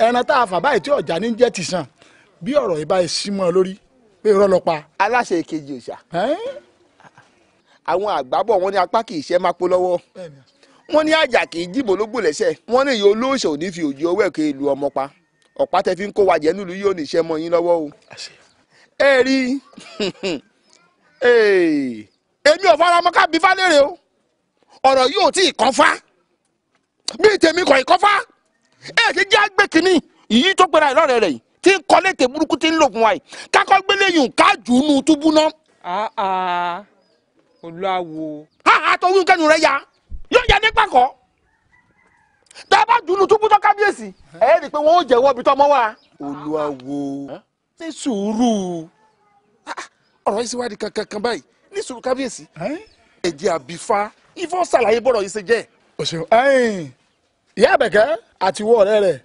[SPEAKER 2] ẹran tá a fà báyìí tí ọ̀já ní jẹ́ ti sàn bí ọ̀rọ̀ yìí báyìí sí mọ́ ọ lórí pé irọ́ lọ pa. aláṣẹ ìkejì òòṣà àwọn àgbábọ̀ wọn ní apá kì í ṣe máa pọ̀ lọ́wọ́ wọn ní àjà kì í jìbò lógbò lẹ́sẹ̀ wọn ní ìyẹn olóòṣà òní fi òjì ọwọ́ ẹ̀kẹ́ ìlú ọmọ pa ọ̀pá tẹ fi ń kó wa jẹ́ nílùú yóò níṣẹ́ mọ́ yín lọ́wọ́ o. ẹ rí èmi ò fara mọ́ ká bí fálẹ́rẹ̀ o ọ̀rọ̀ yóò tí ì kàn fá bíi tèmi kọ̀ ìkọ́fà ẹ̀ ṣe jẹ́ àgbẹ̀ kìíní yìí tó gbéra ìlọ́rẹ̀ rẹ̀ yìí tí ń kọ́lé tè burúkú tí ń lò fún wa yìí kákọ́ gbélé yùn ká jù ú nu túbú ná.
[SPEAKER 4] àà
[SPEAKER 2] olúwawo. àà tó wí kẹ́nu rẹ̀ ya yóò yẹ nípa kọ́ tá a bá jù ú nu túbú tó kábíyèsí ẹ̀ ẹ́ rí i pé wọ́n ó jẹ́wọ́ ibi tọ́mọ́ wa. olúwawo ní sùúrù ọ̀rọ̀ yìí sì wádìí kankan báyìí ní sùúrù kábíyèsí ẹ̀jẹ̀ àbífá ifọ̀ ṣàlàyé bọ̀rọ̀ yìí ṣe jẹ́ ẹ̀ o ṣeun ẹyìn ìyá àbẹ̀kẹ́ àti ìwọ ọ̀rẹ́ rẹ̀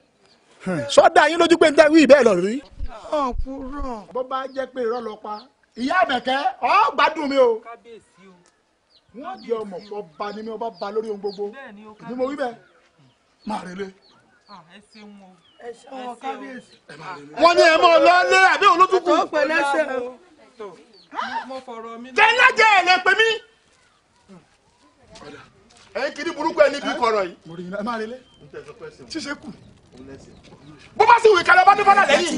[SPEAKER 2] sọ́dà hmm. yín lójú pé ń tẹ́wí bẹ́ẹ̀ lọ rí. bó bá jẹ́ pé irọ́ ló pa ìyá àbẹ̀kẹ́ ọ́ gbádùn mi o wọ́n di ọmọ pọ̀ ba ni mi ọba ba lórí ohun gbogbo ni mo wí bẹ́ẹ̀ máa relé. ẹ ṣeun o ẹ ṣeun
[SPEAKER 1] o kábíyèsí. wọ́n ní ẹ mọ́ ọ lọ́lé àbí olótùkù. ó pè lẹ́sẹ̀ o
[SPEAKER 2] mo fọ̀rọ̀ mi. jẹ́ńlá jẹ́ ẹ̀ lè pè mí. Hmm ẹ̀yin kiri burúkú ẹ níbi kọ̀rọ̀ yìí. mo rí iná ẹ máa relé ṣíṣe kù. bó bá sì wù ìkàlẹ̀ ọba nígbà náà lẹ́yìn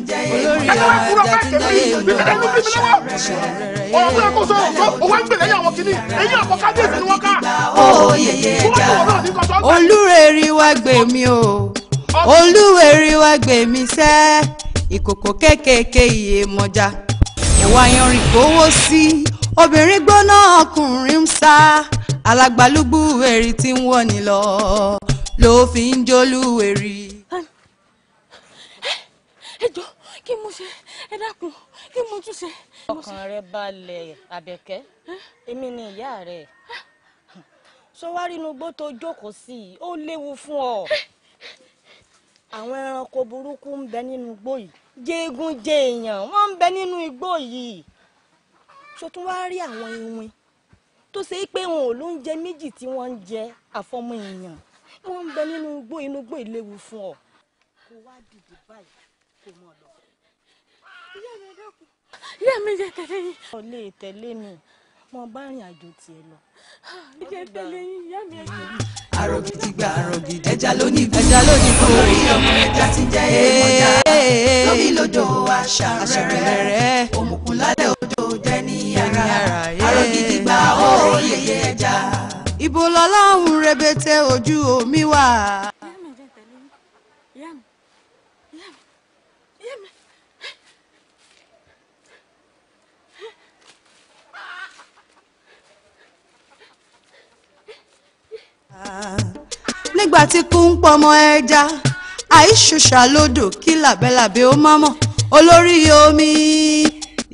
[SPEAKER 2] ẹ̀ka
[SPEAKER 1] wá gbè mí o olúwèrè wá gbè mí sẹ́ ìkòkò kékèké iye mọ́já ẹ̀wà yanrìn tó wó sí obìnrin gbóná ọkùnrin ń sá alágbálúgbú èrì tí ń wọ̀ ní lọ ló fi ń jólú èrì. ẹ jọ kí
[SPEAKER 2] mo ṣe ẹ dákun kí mo tún ṣe. ọkàn rẹ balẹ̀ àbẹ̀kẹ́ èmi ni ìyá rẹ ṣó wá rí inú igbó tó jókòó sí i ó léwu fún ọ àwọn ẹranko burúkú ń bẹ nínú igbó yìí jéegun jẹ wọn ń bẹ nínú igbó yìí ṣó tún wá rí àwọn iwin tó ṣe pé wọn ò ló ń jẹ méjì tí wọ́n ń jẹ àfọmọ èèyàn wọ́n ń bẹ nínú igbó inú igbó ìléwu fún ọ. kò wá dìde báyìí kò mọ̀ lọ. ìyá mi dákun tẹ̀lé yín. ọ lè tẹ̀lé mi mo bá rìn àjò tiẹ̀ lọ. ìjẹ ah, tẹ̀lé
[SPEAKER 1] yín ìyá mi ẹ jẹ. àrògidì gba àrògidì ẹja lónìí ẹja lónìí kò rí ọmọ ẹja ti jẹ ẹ mọjà lómi lódò àṣà òmùkùn ládà kò jẹ́ ní yàrá àrògidì gba ó yẹyẹ ẹja. ibo lọ́lọ́run rebete ojú omi wà. nígbà tí kú ń pọmọ ẹja àìṣùṣà lódò kí làbẹ́làbẹ́ ó má olórí omi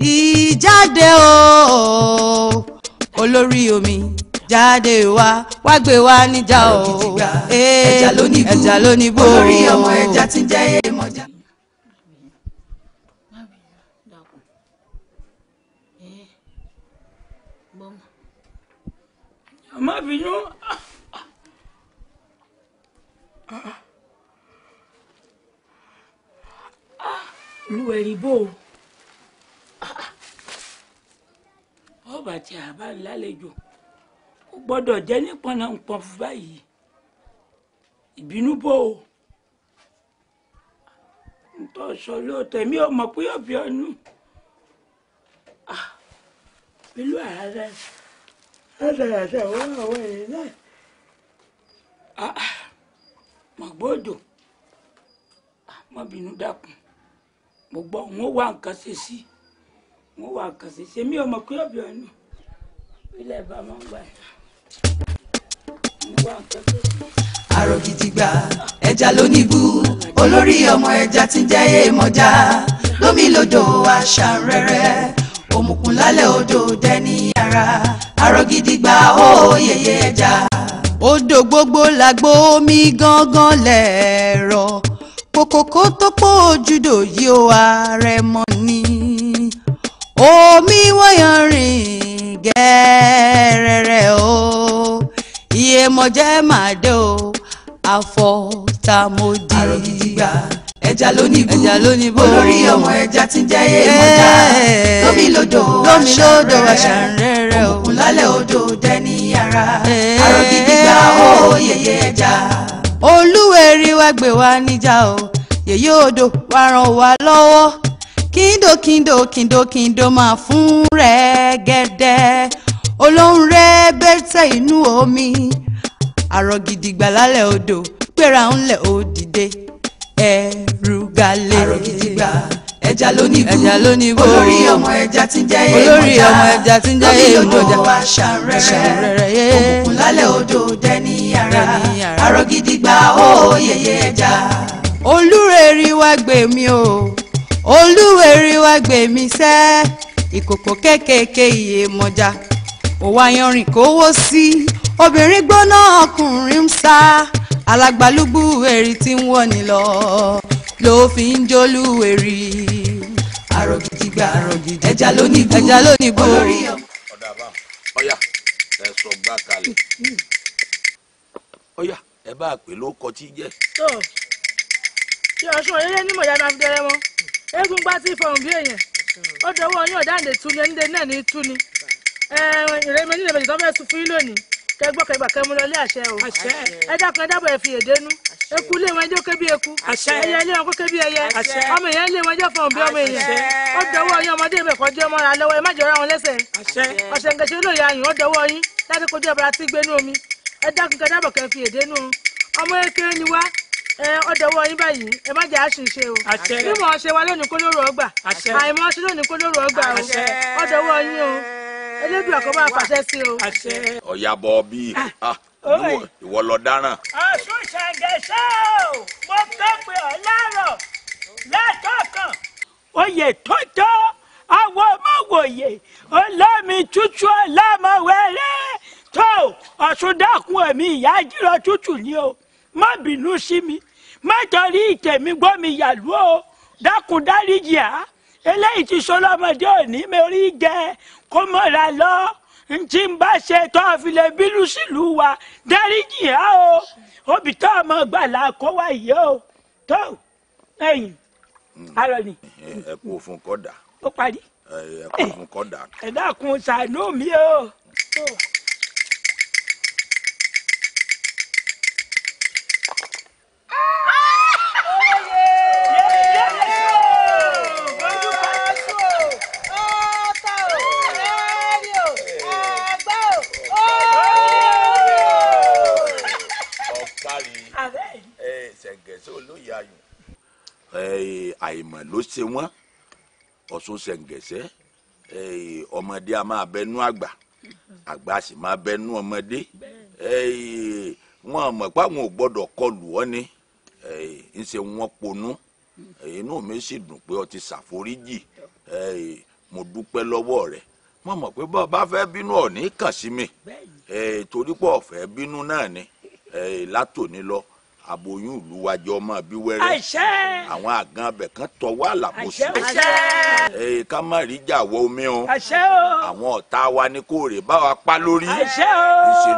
[SPEAKER 1] ìjáde o olórí omi jáde wá wá gbé wá níjà o ẹja ló ní bú ẹja ló ní bú olórí ọmọ ẹja tí ń jẹ èèmọ̀já.
[SPEAKER 2] má bínú lu ẹ̀rí bò ó. bá ti àbá lálejò ó gbọ́dọ̀ jẹ́ ní pọnàpọ̀n fún báyìí ìbínú bò ó ntọ́ sọ lóòótọ́ èmi ò mọ̀ pé òbí ọ̀nù pẹ̀lú ààrẹ àdàràdà wọ́n àwọn èèyàn náà mọ̀gbọ́dọ̀ mọ̀bìnú dákun gbogbo òun ó wá nǹkan ṣe sí i mo wà kàn sí ṣe mí ọmọ pé ọbẹ ọnà ilẹ̀ bá máa ń gbà
[SPEAKER 1] mo wà kàn sí. àròkìtìgbà ẹja lóníbù olórí ọmọ ẹja tí ń jẹ́ èèmọ̀já lómi lódò àṣà rẹ̀rẹ̀ òmùkùn lálẹ́ odò dẹ́ni ara àròkìtìgbà ó yẹyẹ ẹja. odò gbogbo làgbó omi gangan lẹ̀rọ kòkòkò tó pọ̀ ojúdò yìí ó ààrẹ mọ́ ni omi wọ́yàn rìn gẹ́rẹ́rẹ́ o ìyèmọ̀jẹ́ máa dé o àfọ̀tàmọ́dì. àrò gidigba ẹja lónìbó ẹja lónìbó olórí ọmọ ẹja tí ń jẹ́ ìyèmọ̀já lómi lódò lómi lódò àṣàrẹ́rẹ́ o òkun lálẹ́ odò dẹ́ni ara àrò gidigba o yèyé ẹja. olúwerí wá gbé wa níjà o yèyé odò wá ràn wá lọ́wọ́. Kindo, kindo, kindo, kíndò máa fún rẹ́gẹ́dẹ́ olóhùn rẹ̀ bẹ́tẹ̀ inú omi àrọ̀ gidigba lálẹ́ odò gbéra ńlẹ̀ ó dìde ẹ̀rù galẹ̀. àrọ̀ gidigba ẹja lónìbó ẹja lónìbó olórí ọmọ ẹja tí ń jẹ́ èèmọ̀já olórí ọmọ ẹja tí ń jẹ́ èèmọ̀já lórí odò àṣàrẹ̀rẹ̀ òkùnkùn lálẹ́ odò dẹ́ni ara àrọ̀ gidigba ó yẹyẹ ẹja. olúrẹ̀rí wá gbèmí o olúwerí wá gbèmí sẹ́ ìkòkò kékèké iye mọ́já òwò ayanrìn kówó sí obìnrin gbóná ọkùnrin ń sá alágbálúgbú èrì tí ń wọ̀ ní lọ ló fi ń jólúwerí. àrògidìgbà àrògidì ẹja ló ní bú ẹja ló ní bú olórí yọ.
[SPEAKER 3] ọ̀dà bá ọ̀yà ẹ sọ gbá kalẹ̀ ọ̀yà ẹ bá pè ló kọtí jẹ́. tó
[SPEAKER 2] ṣe ọ̀ṣun òyìnbó ní mọ̀já náà fi dẹ́rẹ́ mọ́. egwu mgbazi ifo mbi enye odowo onye ọda na-etunye ndị nne na ituni ìrẹ́mẹ́jì lè bẹ̀rẹ̀ tó fẹ́ fún yín lónìí kẹgbọ́ kẹgbà kẹmu lọ ilé àṣẹ o ẹja kan dábọ̀ ẹ̀fì èdénú eku ilé wọn ẹjọ́ kébi eku e ilé wọn kó kébi ẹyẹ ọmọ èèyàn ilé wọn ẹjọ́ fún òbí ọmọ èèyàn ó dọwọ́ yín ọmọdé ibẹ̀ kọ́ jẹ́ mọ́ra lọ́wọ́ ẹ má jọra wọn lẹ́sẹ̀ ọ̀sẹ̀ nkẹ́sẹ̀ olóyè ayùn ó dọwọ́ ọdọwọ yín báyìí ẹ má jẹ àṣìṣe o bí mo
[SPEAKER 1] ṣe wa lónìí kólóró ọgbà àìmọ
[SPEAKER 2] ṣe lónìí kólóró ọgbà o ọdọwọ yín o elédùn àkọ́bá àfàṣẹ sí o.
[SPEAKER 3] ọ̀yàbọ̀ bíi ah. ah, ìwọ lọ dáràn.
[SPEAKER 2] ọ̀ṣun ṣàǹgẹ̀ṣẹ́ o mo tó pé ọ̀ láàárọ̀ látọ̀kàn.
[SPEAKER 3] oyè tó tó
[SPEAKER 2] àwọn ọmọwòye olómi tútù ọlámọwẹrẹ tó ọ̀ṣun dákun ẹ̀mí ìyá jírọ̀ tútù ni o má bínú sí mi má torí ìtẹ̀mí gbọ́ mi yàlú o dákun dáríjì á eléyìí ti sọlọ́mọdé òní mi rí jẹ kó mọ̀ra lọ ntí n bá ṣe tó àfilẹ̀ bílù sílùú wa dáríjì á o obì tó ọmọ gbàlà kó wá yìí o tó ẹyìn arọ ni.
[SPEAKER 3] Mm, ẹ kú òfin kọ́ dà. ó parí. ẹ kú òfin kọ́
[SPEAKER 2] ẹ dákun ṣàánú mi o.
[SPEAKER 3] Oh. àìmọ̀ ló ṣe wọ́n ọ̀sùn ṣẹ̀ǹgẹ̀sẹ̀ ọmọdé a máa bẹnu àgbà àgbà a sì máa bẹnu ọmọdé wọn mọ̀ pé àwọn ò gbọ́dọ̀ kọlù ọ́ ni. Eh, ń ṣe wọ́n ponú inú mi sì dùn pé o ti ṣàforíjì mo dúpẹ́ lọ́wọ́ rẹ̀ mo mọ̀ pé bọ́ bá fẹ́ bínú ọ̀ ní kàn sí mi torí pọ̀ fẹ́ bínú náà ni látòní lọ aboyún ìlú wájú ọmọ bí wẹ́rẹ́ àwọn àgàn abẹ kan tọwọ́ àlàbòsí ẹ ká má rí ìjà wọ omi o àwọn ọ̀tá wa ní kò bá wa pa lórí ìṣe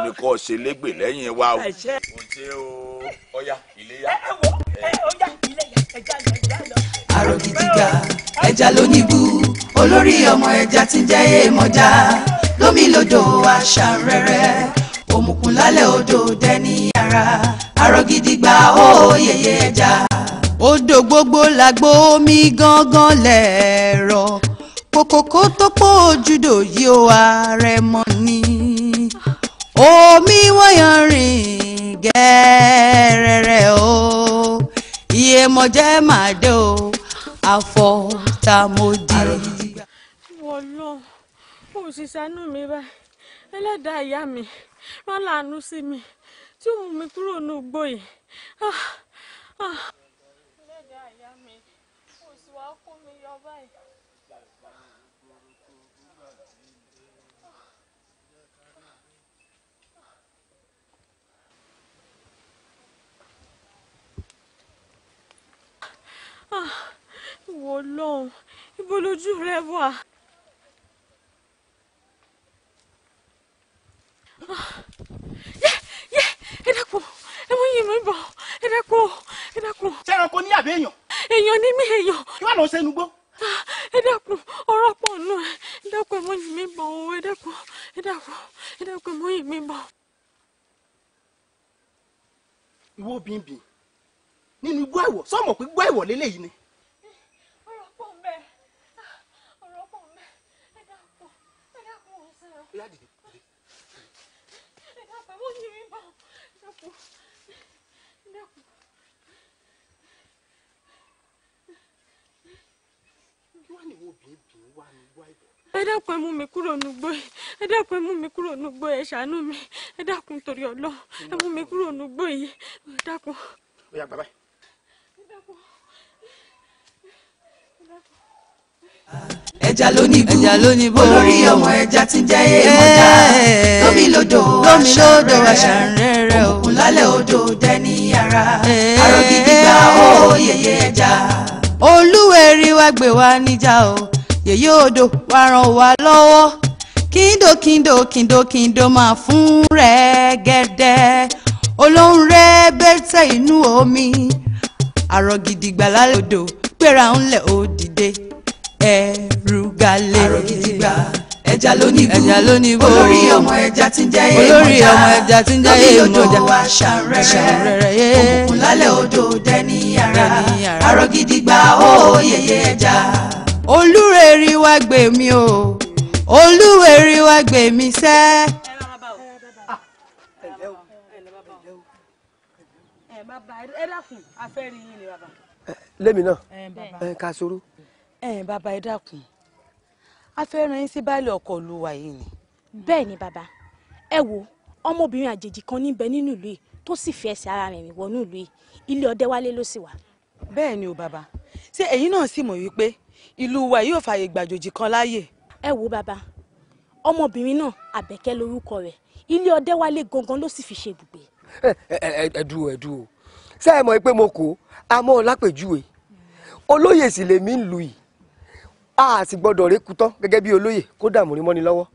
[SPEAKER 3] ni kò ṣe légbè lẹ́yìn wa o. ọ̀jẹ̀ o ọ̀ya iléyá. ẹ wo ọ̀ya iléyá ẹja
[SPEAKER 1] lọ ẹja lọ. àrògidìgà ẹja ló níbu olórí ọmọ ẹja tí ń jẹ́ lómi lodò àṣà rẹ̀rẹ̀ òmùkùn lálẹ́ odò dẹ́ni ara arọ gidi gba ó yẹyẹ ẹja. odò gbogbo làgbo omi gangan lẹ̀rọ kòkòkò tó pọ̀ ojúdò yìí ó ààrẹ mọ́ ni omi wọ́n yan rìn gẹ́rẹ́rẹ́ o iye mọ̀jẹ́ màdé o àfọ̀tàmọ́dì.
[SPEAKER 2] wọ́n lọ òṣìṣẹ́ inú mi báyìí ẹlẹ́dàá ìyá mi má lànú sí mi tí ó mú mi kúrò ní ugbó yìí. lẹ́dàá ah, ah. àyà mi kò sí wàá kó mi yọ báyìí. Ah, wò lóhùn ibo lójú rẹ wà. yẹ ẹ dẹ́kun ẹ mú yìí mi bọ̀ ẹ dẹ́kun ẹ dẹ́kun. sẹ́ranko ní àbẹ́ èèyàn. èèyàn ní mi èèyàn. kí wàá lọ sẹ́nu gbó. ẹ dẹ́kun ọ̀rọ̀ pọ̀ nù ẹ ẹ dẹ́kun ẹ mú yìí mi bọ̀ ẹ dẹ́kun ẹ dẹ́kun ẹ dẹ́kun ẹ mú yìí mi bọ̀. ìwọ bínbín nínú igbó ẹ̀wọ̀ sọmọ pé igbó ẹ̀wọ̀ lélẹyìí ni. ọ̀rọ̀ pọ̀ mẹ ọ̀rọ̀ pọ̀ mẹ ẹ dẹ́kun ẹ dẹ́kun ọsẹ. níwò bìnbìn wà ní wá ìwọ. ẹ dákun ẹ mú mi kúrò nùgbó yìí ẹ dákun ẹ mú mi kúrò nùgbó ẹ ṣàánú mi ẹ dákun torí Ọlọ́run ẹ mú mi kúrò nùgbó yìí ẹ dákun.
[SPEAKER 3] ó yá bàbá.
[SPEAKER 1] ẹja ló ẹja ló olórí ọmọ ẹja tí ń jẹ èèmọjà lómi lódò aṣàrẹ rẹ òkun lálẹ́ odò dẹni ara àrògidì gba ó yẹyẹ ẹja eri wá gbé wa níjà o yèyé odò wá ràn wá lọ́wọ́ kíndò kíndò kíndò kíndò máa fún rẹ̀ gẹ́dẹ́ olóhùn rẹ̀ bẹ́tẹ̀ inú omi àrọ̀ gidi gbàlá odò gbéra ńlẹ̀ ó dìde ẹ̀rù galè. àrọ̀ gbà ẹja ló ní bú ẹja ló ní bú olórí ọmọ ẹja tí ń jẹ́ èèmọ̀ dá olórí ọmọ ẹja tí ń jẹ́ èèmọ̀ dá lórí odò wa ṣàrẹ̀rẹ̀ òkùnkùn lálẹ́ odò dẹ́ni yàrá arọ gba ó ẹja. olúrẹ̀rí wá gbè mí o olúwẹ̀rí wá gbè mí sẹ́.
[SPEAKER 2] ẹ náà ká sọ̀rọ̀. ẹ bàbá ẹ dákun a fẹ́ rán yín sí baálé ọkọ olúwa yìí ni. Mhm. bẹ́ẹ̀ ni bàbá ẹ wo ọmọbìnrin àjèjì kan níbẹ̀ nínú ìlú yìí tó sì fi ẹsẹ̀ ara rẹ̀ rìn wọnú ìlú yìí ilé ọdẹ wálé ló sì wà. bẹ́ẹ̀ ni o bàbá ṣé ẹ̀yin náà sì mọ̀ wípé ìlú wa yóò fààyè gbàjòjì kan láàyè. ẹ wo bàbá ọmọbìnrin náà àbẹ̀kẹ́ lórúkọ rẹ̀ ilé ọdẹ wálé gangan ló sì fi ṣe ibùgbé.
[SPEAKER 4] ẹdú ẹdú o ẹ mọ̀ pé mo a sì gbọ́dọ̀ rékú tán gẹ́gẹ́ bí olóyè kó dààmú rí mọ́ni lọ́wọ́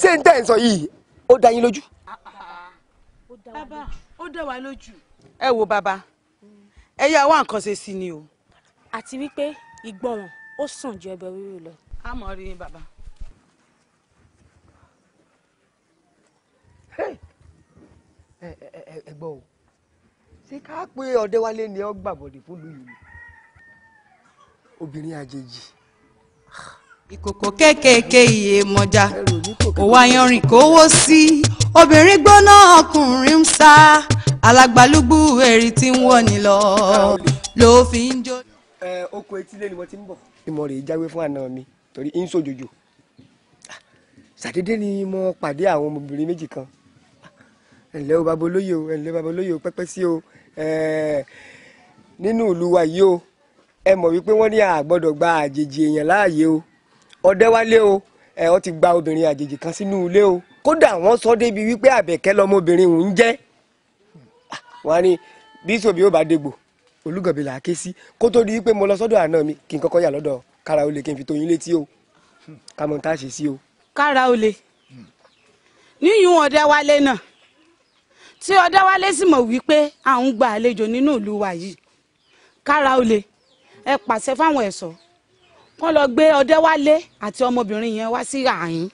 [SPEAKER 4] ṣé n tẹ́ ń sọ yìí ó dá yín lójú.
[SPEAKER 2] bàbá ó dá wa lójú. ẹ wo bàbá ẹ yá wá nǹkan ṣe sí ni o. àti wípé ìgbọràn ó sàn ju ẹbọ rírò lọ. a mọ̀ rí bàbá.
[SPEAKER 4] ẹ gbọ́ o ṣé ká pé ọdẹ wálé ni ọ gbàbọ̀dẹ̀ fún lùyìn obìnrin àjèjì
[SPEAKER 1] ìkòkò kéékèèké iye mọ̀já
[SPEAKER 4] òwò ayanrìn kò
[SPEAKER 1] wó sí obìnrin gbóná ọkùnrin ń sá alágbálúgbú èrì tí ń wọ̀ ní lọ
[SPEAKER 4] ló fi ń jó. ẹ oko etílé ni mo ti ń bọ̀ ìmọ̀ rẹ̀ jáwé fún àna mi torí ń sòjòjò ṣàdédé ni mo pàdé àwọn ọmọbìnrin méjì kan ẹ̀lẹ́ o babolóye o ẹ̀lẹ́ babolóye o pẹ́pẹ́ sí o nínú ìlú wa yìí o ẹ mọ̀ wípé wọ́n ní a gbọ́dọ̀ gba àjèjì èèyàn láàyè o ọ̀dẹ́wálé o ẹ ọ ti gba obìnrin àjèjì kan sínú ilé o kódà wọ́n sọ débi wípé àbẹ̀kẹ́ lọmọbìnrin òun jẹ́ wọ́n á ní bíṣọ̀bì yóò bá dégbò olùgọ̀bì là á ké sí kó tó di wípé mo lọ sọ́dọ̀ àná mi kí n kọ́kọ́ yà lọ́dọ̀ kára olè kí n fi tó yín létí o ká mọ̀ tá a ṣe sí o. kára olè níyùn ọ̀dẹ́wálé
[SPEAKER 2] náà tí ọ̀dẹ́wálé sì mọ̀ wípé à gba àlejò nínú ìlú wa yìí kára olè ẹ pàṣẹ fáwọn ẹ̀ṣọ́ kán lọ gbé ọdẹ wálé àti ọmọbìnrin yẹn wá sí àyín.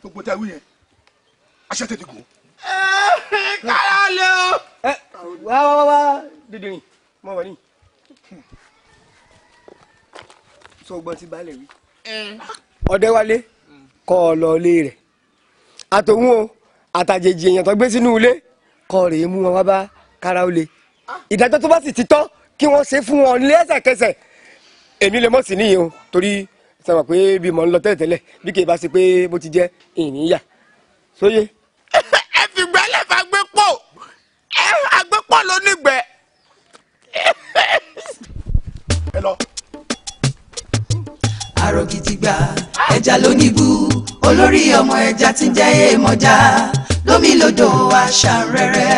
[SPEAKER 2] gbogbo tá a wí yẹn
[SPEAKER 4] aṣọ tètè gùn. kára lè o. wá wá wá dídì rìn mọ wà ní. sọ ọgbọ́n ti balẹ̀ wí. ọdẹ wálé kọ́ ọ lọ ilé rẹ̀ àtòun o àtàjèjì èèyàn tó gbé sínú ilé kọ́ rèé mú wọn wá bá kára ó le ìdájọ́ tó bá sì ti tọ́ kí wọ́n ṣe fún wọn lẹ́sẹ̀kẹsẹ̀ èmi lè mọ̀ sí níyìí o torí sábà pé bí mo ń lọ tẹ́lẹ̀tẹ́lẹ̀ bí kì í bá ṣe pé bó ti jẹ́ ìní yà sóyè. ẹ fi gbẹ́lẹ̀ fà gbé pọ̀ ẹ àgbé pọ̀ lónígbẹ́.
[SPEAKER 1] ẹ lọ. àròkìtìgbà ẹja lóníbù olórí ọmọ ẹja tí ń jẹ́ èèmọ̀já lómi lodò àṣà rẹ̀rẹ̀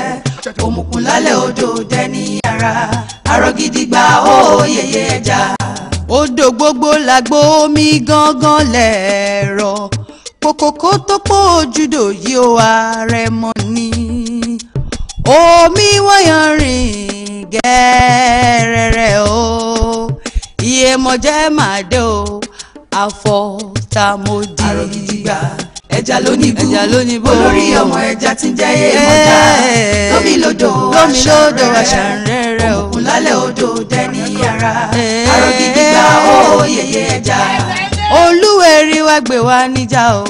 [SPEAKER 1] òmùkùn lálẹ́ odò dẹ́ni ara arọ gidi gba ó yẹyẹ ẹja. odò gbogbo làgbo omi gangan lẹ̀rọ kòkòkò tó pọ̀ ojúdò yìí ó àrẹ̀mọ ni omi wọ́yàn rìn gẹ́rẹ́rẹ́ o iye mọ̀jẹ́ màdé o àfọ̀tàmọ́dì. arọ gidi gba ẹja ló ní bú ẹja ló ní bú olórí ọmọ ẹja tí ń jẹ́ èèmọ̀já lómi lódò lómi lódò òkun lálẹ́ odò dẹ́ni ara àrògì gbígbà ó yẹyẹ ẹja. olúwẹ̀rí wá gbé wa níjà o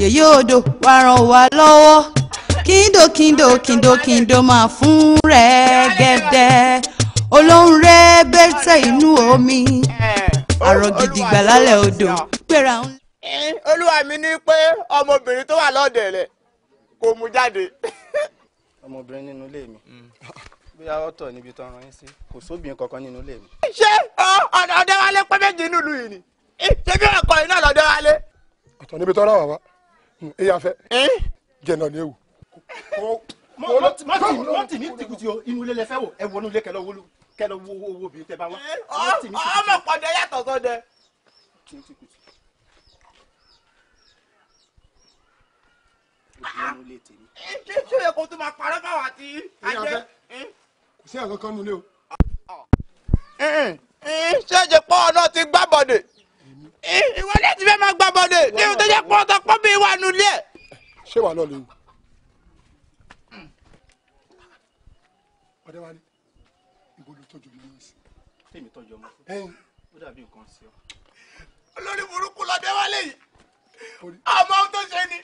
[SPEAKER 1] yèyé odò wá ràn wá lọ́wọ́ kíndò kíndò kíndò kíndò máa fún rẹ̀ gẹ́dẹ́ olóhùn rẹ̀ bẹ́tẹ̀ inú omi àrògì dìgbà odò gbéra
[SPEAKER 2] olúwa mi ní pé ọmọbìnrin tó wà lọ́dẹ̀ rẹ̀ kò mú jáde. ọmọbìnrin nínú ilé mi bóyá ọ̀tọ̀ níbi tó ń ran yín sí kò sóbìnrin kankan nínú ilé mi. ṣé ọ̀nà ọ̀dẹ́ wálé pẹ́ méjì nínú yìí ni ṣébí ọkọ iná lọ́dẹ́ wálé. ọ̀tọ̀ níbi tó rà wá wá ìyá fẹ́ jẹ̀nà ni ewu. mọ́tì ní tìkùtì o inú ilé lẹ́fẹ́ wò ẹ wọnú ilé kẹlẹ́ owó kẹlẹ́ owó obìnrin tẹ bá wá. ọmọ pọ̀dẹ yàtọ̀ sọ́dẹ.
[SPEAKER 1] nínú ilé tèmi. ṣé
[SPEAKER 2] ṣé yẹ kó tó máa parọ́ báwa tí. ìyàfẹ́ kò sí ẹ̀rọ kan nínú o. ṣé ẹ̀jẹ̀ pọ́ ọ náà ti gbá bọ̀dẹ̀ ìwọ ní ẹtì fẹ́ máa gbá bọ̀dẹ̀ ní ìwọ tó jẹ́ pọ́ ọ̀tọ̀ pọ́ bí wà nù ilé. ṣé wàá lọ léwu. ọ̀dẹ́ wa ni ìbò ló tọ́jú mi náà sí. tèmi tọ́jú ọmọ fún ó dàbí nǹkan sí ọ. olórí burúkú lọ́dẹ́ wa lẹ́yìn ọmọ tó ṣe ni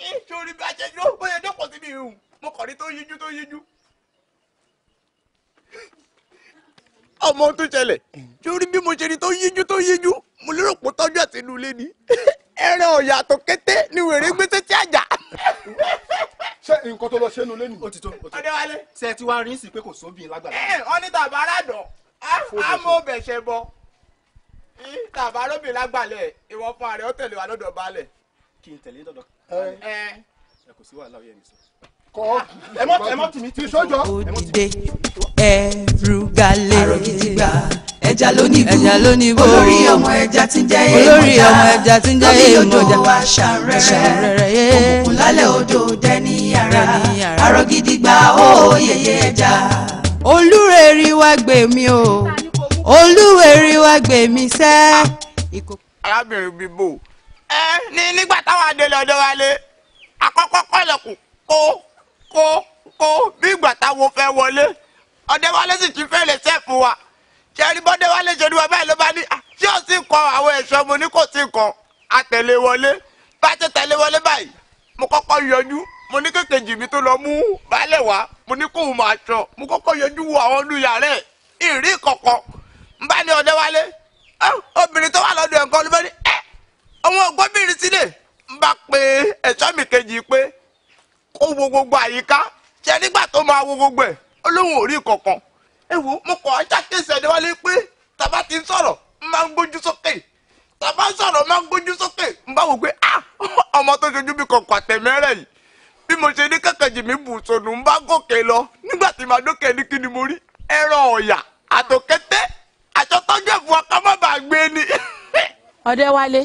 [SPEAKER 2] ìṣòrí bá ṣe ló bóyá dọ́pọ̀ sí mi hùn mo kàn rí tó yíjú tó yíjú. ọmọ tó ṣẹlẹ̀ sórí bí mo ṣe rí tó yíjú tó yíjú mo lérò pé tọ́jú àtinú ilé ni ẹran ọ̀yà tó kété ni wèrè gbé sétí àjà. ṣé nǹkan tó lọ ṣe é nu lé ni. ó ti tó ó ti tó ọdẹwálé. ṣe ti wá rí sí pé kò sóbì lágbàdo. ẹ ọ ní tàbá aládọ á mọ ọbẹ ṣe bọ tàbá arábìnrin lágbàlẹ ìwọ fún ààrẹ ó tẹ̀lé wa lọ́dọ̀ baálẹ̀. kí n tẹ̀lé dọ̀dọ̀ ẹ kò sí wàhálà
[SPEAKER 1] ọyẹ nìsọ. ẹ mọ tì mí tí sọjọ. òdìdé ẹrù galè. àròkìtìgbà ẹja ló ní bú ẹja ló ní olórí ọmọ ẹja tí jẹ èèmọ olórí ọmọ ẹja tí jẹ èèmọ lórí odò wa ṣàrẹrẹ òkùnkùn lálẹ́ odò dẹni yàrá àrògidìgbà ó yẹyẹ ẹja. olúrẹ̀rí wá gbè mí o olúwẹ̀rí wá gbè mí sẹ́.
[SPEAKER 2] Ah, arábìnrin bíbò ẹ ní
[SPEAKER 1] nígbà táwọn adé lọ́dọ̀ wa lé
[SPEAKER 2] àkọ́kọ́ kọ́lẹ̀kùn kó kó kó bí ìgbà táwọn wọlé ọ̀dẹ́wálé sì ti fẹ́ lè wa ni báyìí ló bá ní tí ah, ó sì kọ àwọn mo ní kò sí nǹkan wọlé bá ti wọlé báyìí mo kọkọ yọjú mo ní tó yọjú wo àwọn ìrí n bá ní ah, obìnrin tó wà ọmọ gómìnrin sílẹ̀ ń bá pe ẹ̀ṣọ́ mi kejì pé kó wo gbogbo àyíká ṣe nígbà tó máa wo gbogbo ẹ̀ ó lóun ò rí kankan ẹ wo mo kàn ẹni wálé pé tàbá ti ń sọ̀rọ̀ ń gbójú sókè tàbá ń sọ̀rọ̀ máa ń gbójú sókè ń bá pé ah ọmọ tó ṣojú bí àtẹ̀mẹ́rẹ̀ bí mo ṣe ní kẹ̀kẹ́jì mi bù sọnù ń bá gòkè lọ nígbà tí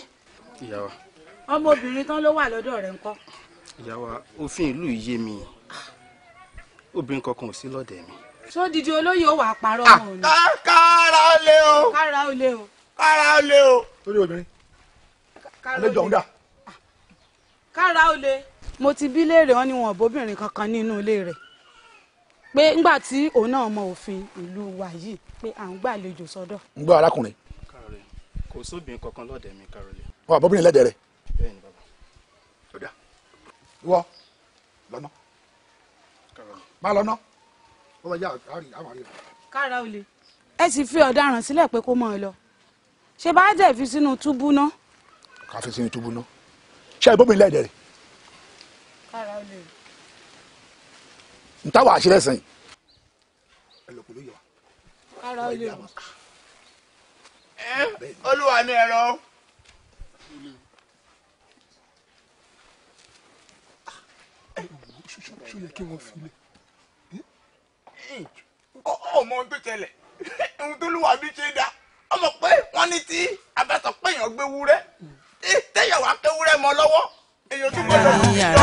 [SPEAKER 2] ìyá wa. ọmọbìnrin tán ló wà lọ́dọ̀ rẹ̀ ńkọ́. ìyá wa òfin ìlú yìí yé mi obìnrin kankan ò sí lọ́dẹ̀ mi. tó didi olóyè ó wà á parọ́ mọ́ ah, ni. Ah, kára ó lé o. kára ó lé o. kára ó lé o. torí obìnrin àlejò ọ̀hún dà. kára ó lé. mo ti bí léèrè wọn ni wọn bóbìnrin kankan nínú ilé rẹ̀ pé ńgbà tí òun náà mọ òfin ìlú wa yìí pé à ń gbàlejò sọ́dọ̀. ń gbọ́ arákùnrin. kò sóbìn kankan lọ́dẹ̀ mi Caroline wọn àbọ̀bìnrin lẹ́dẹ̀ẹ́ rẹ̀. bẹ́ẹ̀ ni bàbá.
[SPEAKER 3] lọ́dà ìwọ lọ́nà má lọ́nà
[SPEAKER 2] ó bá yá àárí àwọn àríyá. kára o lè. ẹ sì fi ọ̀daràn sílẹ̀ pé kó mọ̀ ọ́ lọ ṣé bá dẹ̀
[SPEAKER 1] fi sínú túbú ná.
[SPEAKER 2] ká fi sínú túbú ná ṣé ìbọ̀bìnrin lẹ́dẹ̀ẹ́ rẹ̀.
[SPEAKER 1] kára o lè.
[SPEAKER 3] n táwọn àṣírí ẹ̀sìn yìí. ẹ
[SPEAKER 2] kára o lè. olúwa mi ẹ̀rọ kú lé o. Ah, ẹ wò ó ṣó yẹ kí wọ́n fi lé. ọmọ ohun tó ṣẹlẹ̀ ohun tó lùwà bí ṣe dá ọmọ pé wọ́n ní tí abẹ́sọ̀ gbé wúrẹ́ tẹ́yọ̀ wá pé wúrẹ́ mọ́ lọ́wọ́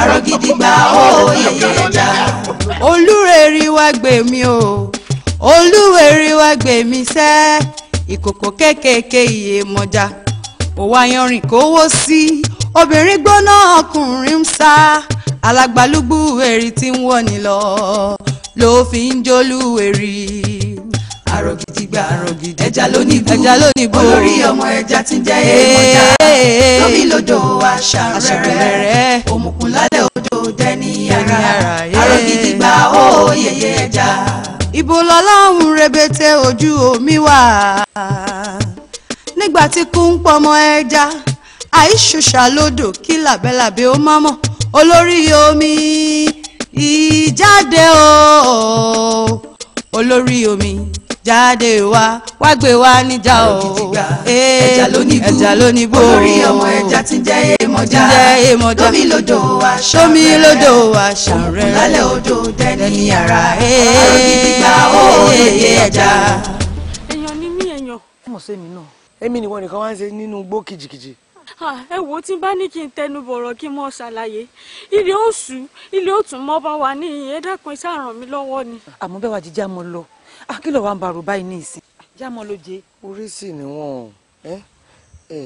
[SPEAKER 1] ọ̀rọ̀ gidi gba òye ẹja olúrẹ̀rí wá gbè mí o olúwẹ̀rí wá gbè mí sẹ́ ìkòkò kékèké iye mọ́já òwò ayanrìn kówó sí obìnrin gbóná ọkùnrin ń sá alágbálúgbú èrì tí ń wọ̀ ní lọ ló fi ń jólú èrì. àrògìdìgbà àrògìdì ẹja lónìbó ẹja lónìbó olórí ọmọ ẹja tí ń jẹ́ èèmọ̀já lómi lójó àṣà rẹ̀ lálẹ́ òjò dẹ́ni ara àrògìdìgbà ó yẹyẹ ẹja. ibo lọ́lọ́run rebete ojú omi wà nígbà tí kú ń pọmọ ẹja àìṣùṣà lódò kí làbẹ́làbẹ́ ó má mọ̀ olórí omi ìjáde o olórí omi jáde wá wá gbé wá níjà o ẹja ló ní bó olórí ọmọ ẹja ti jẹ èèmọjá lómi lódò wá sómi lódò wá ṣàrẹ lálẹ́ odò dẹni yàrá ọ̀rọ̀ gidi gbà ó
[SPEAKER 2] lóye ẹja.
[SPEAKER 4] èèyàn ni mí èèyàn. mo ṣe mi náà èmi nìwọ nìkan wá ń ṣe nínú igbó kìjìkìjì.
[SPEAKER 2] ẹ wo tí bá ní kí n tẹnu bọ̀rọ̀ kí n mọ̀ ṣàlàyé ilé oṣù ilé òtún mọ́ bá wà ní ìyẹn dákun iṣẹ́ àràn mi lọ́wọ́ ni. àmọ́ bẹ́ẹ̀ wá jíjá mọ́ lọ akílọ̀ wa ń barò báyìí ní ìsìn. já mọ́ ló jẹ. orí sì ni wọn ẹ ẹ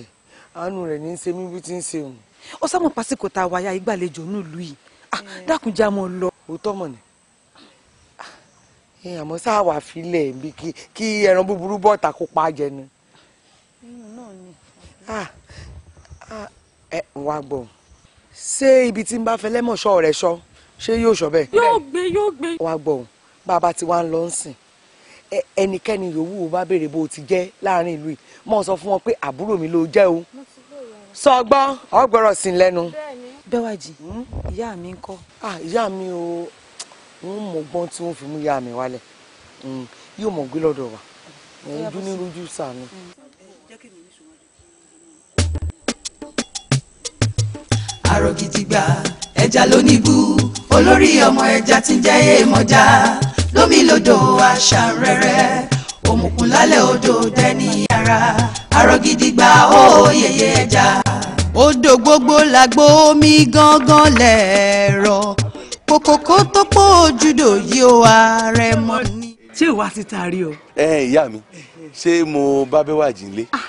[SPEAKER 2] àánú rẹ ní í ṣe mí bí ti ń ṣe òun. ó sá pásíkò tá a wáyà ìgbàlejò nílùú
[SPEAKER 4] yìí dákun já mọ́ lọ. òótọ́ mọ̀ ni àmọ́ sáà wà fílẹ̀ bí kí ẹran búburú bọ́ọ̀tà kó pa á jẹ ni. Ah, ah, ẹ wá gbọ́ ṣé ibi tí n bá fẹ́ lẹ́mọ̀ṣọ́ rẹ̀ ṣọ́ ṣé yóò ṣọ́ bẹ́ẹ̀. yóò gbé yóò gbé. wá gbọ́ bàbá tí wàá ń sìn ẹnikẹ́ni yòówù bá béèrè bó o ti jẹ́ láàrin ìlú yìí mọ̀ sọ fún wọn pé àbúrò mi ló jẹ́ o sọ gbọ́n ọgbọ́rọ̀ sí i lẹ́nu. bẹ́wàjì hmm? ìyá mi ń kọ́. Ah, ìyá mi o ń mọ̀gbọ́n tí wọ́n fi mú ìyá mi wálẹ̀ hmm, yóò mọ̀ gbé lọ́dọ̀ wa òun dún ní sànù.
[SPEAKER 1] àárọ̀ kìtìgbà ẹja lónìbù olórí ọmọ ẹja tí ń jẹ́ èèmọ̀já lómi lódò àṣàrẹ̀rẹ̀ òmùkùn lálẹ́ odò dẹ́ni ara àárọ̀ gidigba ó yẹyẹ ẹja. odò gbogbo làgbo omi gangan lẹ̀rọ kòkòkò tó pọ̀ ojúdò yìí ó ààrẹ mọ́ ni. ṣé ìwà ti taari o.
[SPEAKER 3] ẹ ìyá mi ṣé mo bá bẹ́wà jí lé. Ah,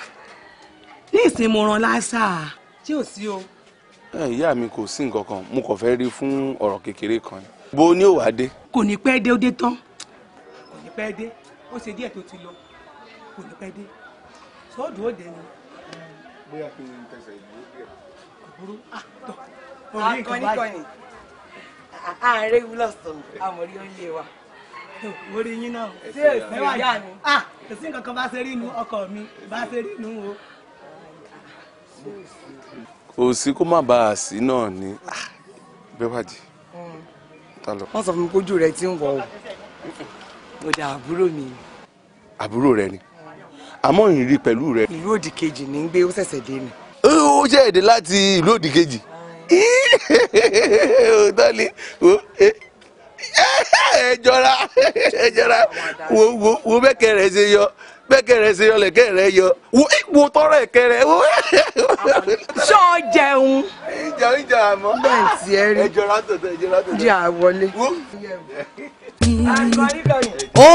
[SPEAKER 2] ní ìsìn mo ràn láṣà. tí ò sí o.
[SPEAKER 3] Eh, ìyá mi kò sí nǹkan kan mo kàn fẹ́ rí fún ọ̀rọ̀ kékeré kan yẹn. bo ni ó wàá dé.
[SPEAKER 2] kò ní pẹ́ dé ó dé tán kò ní
[SPEAKER 4] pẹ́ dé ó ṣe díẹ̀ tó ti lọ kò ní pẹ́ dé sọ́ọ̀dù ó dé ni. bóyá kí n tẹsẹ̀ ìlú díẹ̀. àbúrò àtọ̀ òní nǹkan báyìí.
[SPEAKER 2] àárẹ̀ wúlọ̀sán àmọ̀rí ó lé wa orí yín náà ṣé èsì ìyá mi. Ah, kò sí nǹkan kan bá ṣe rí inú ọkọ mi bá ṣe rí inú oh ah, o òsì kó má bàa sí náà ni ah, bẹ́wàjì mm. ta lọ. wọ́n
[SPEAKER 4] sọ fún mi kójú rẹ ti ń wọ̀ o ó dà àbúrò mi.
[SPEAKER 2] àbúrò rẹ ni àmọ́ ìrírí pẹ̀lú rẹ.
[SPEAKER 4] ìlú òdì kejì ní gbé ó ṣẹ̀ṣẹ̀ dé mi.
[SPEAKER 2] ó ṣe èdè láti ìlú òdì kejì. Eh, ẹ jọra ẹ jọra wo bẹ́kẹ̀ rẹ̀ ṣe yọ bẹ́ẹ̀kẹ́ rẹ ṣe yọlẹ̀ kẹ́ rẹ yọ wo tọrọ ẹ̀kẹ́ rẹ. ṣọ́ ọ jẹun. ìjà ìjà àmọ́. bẹ́ẹ̀ tí ẹ rí ẹjọ́ látọ̀tọ̀ ẹjọ́ látọ̀tọ̀. jẹ́ àwọlé.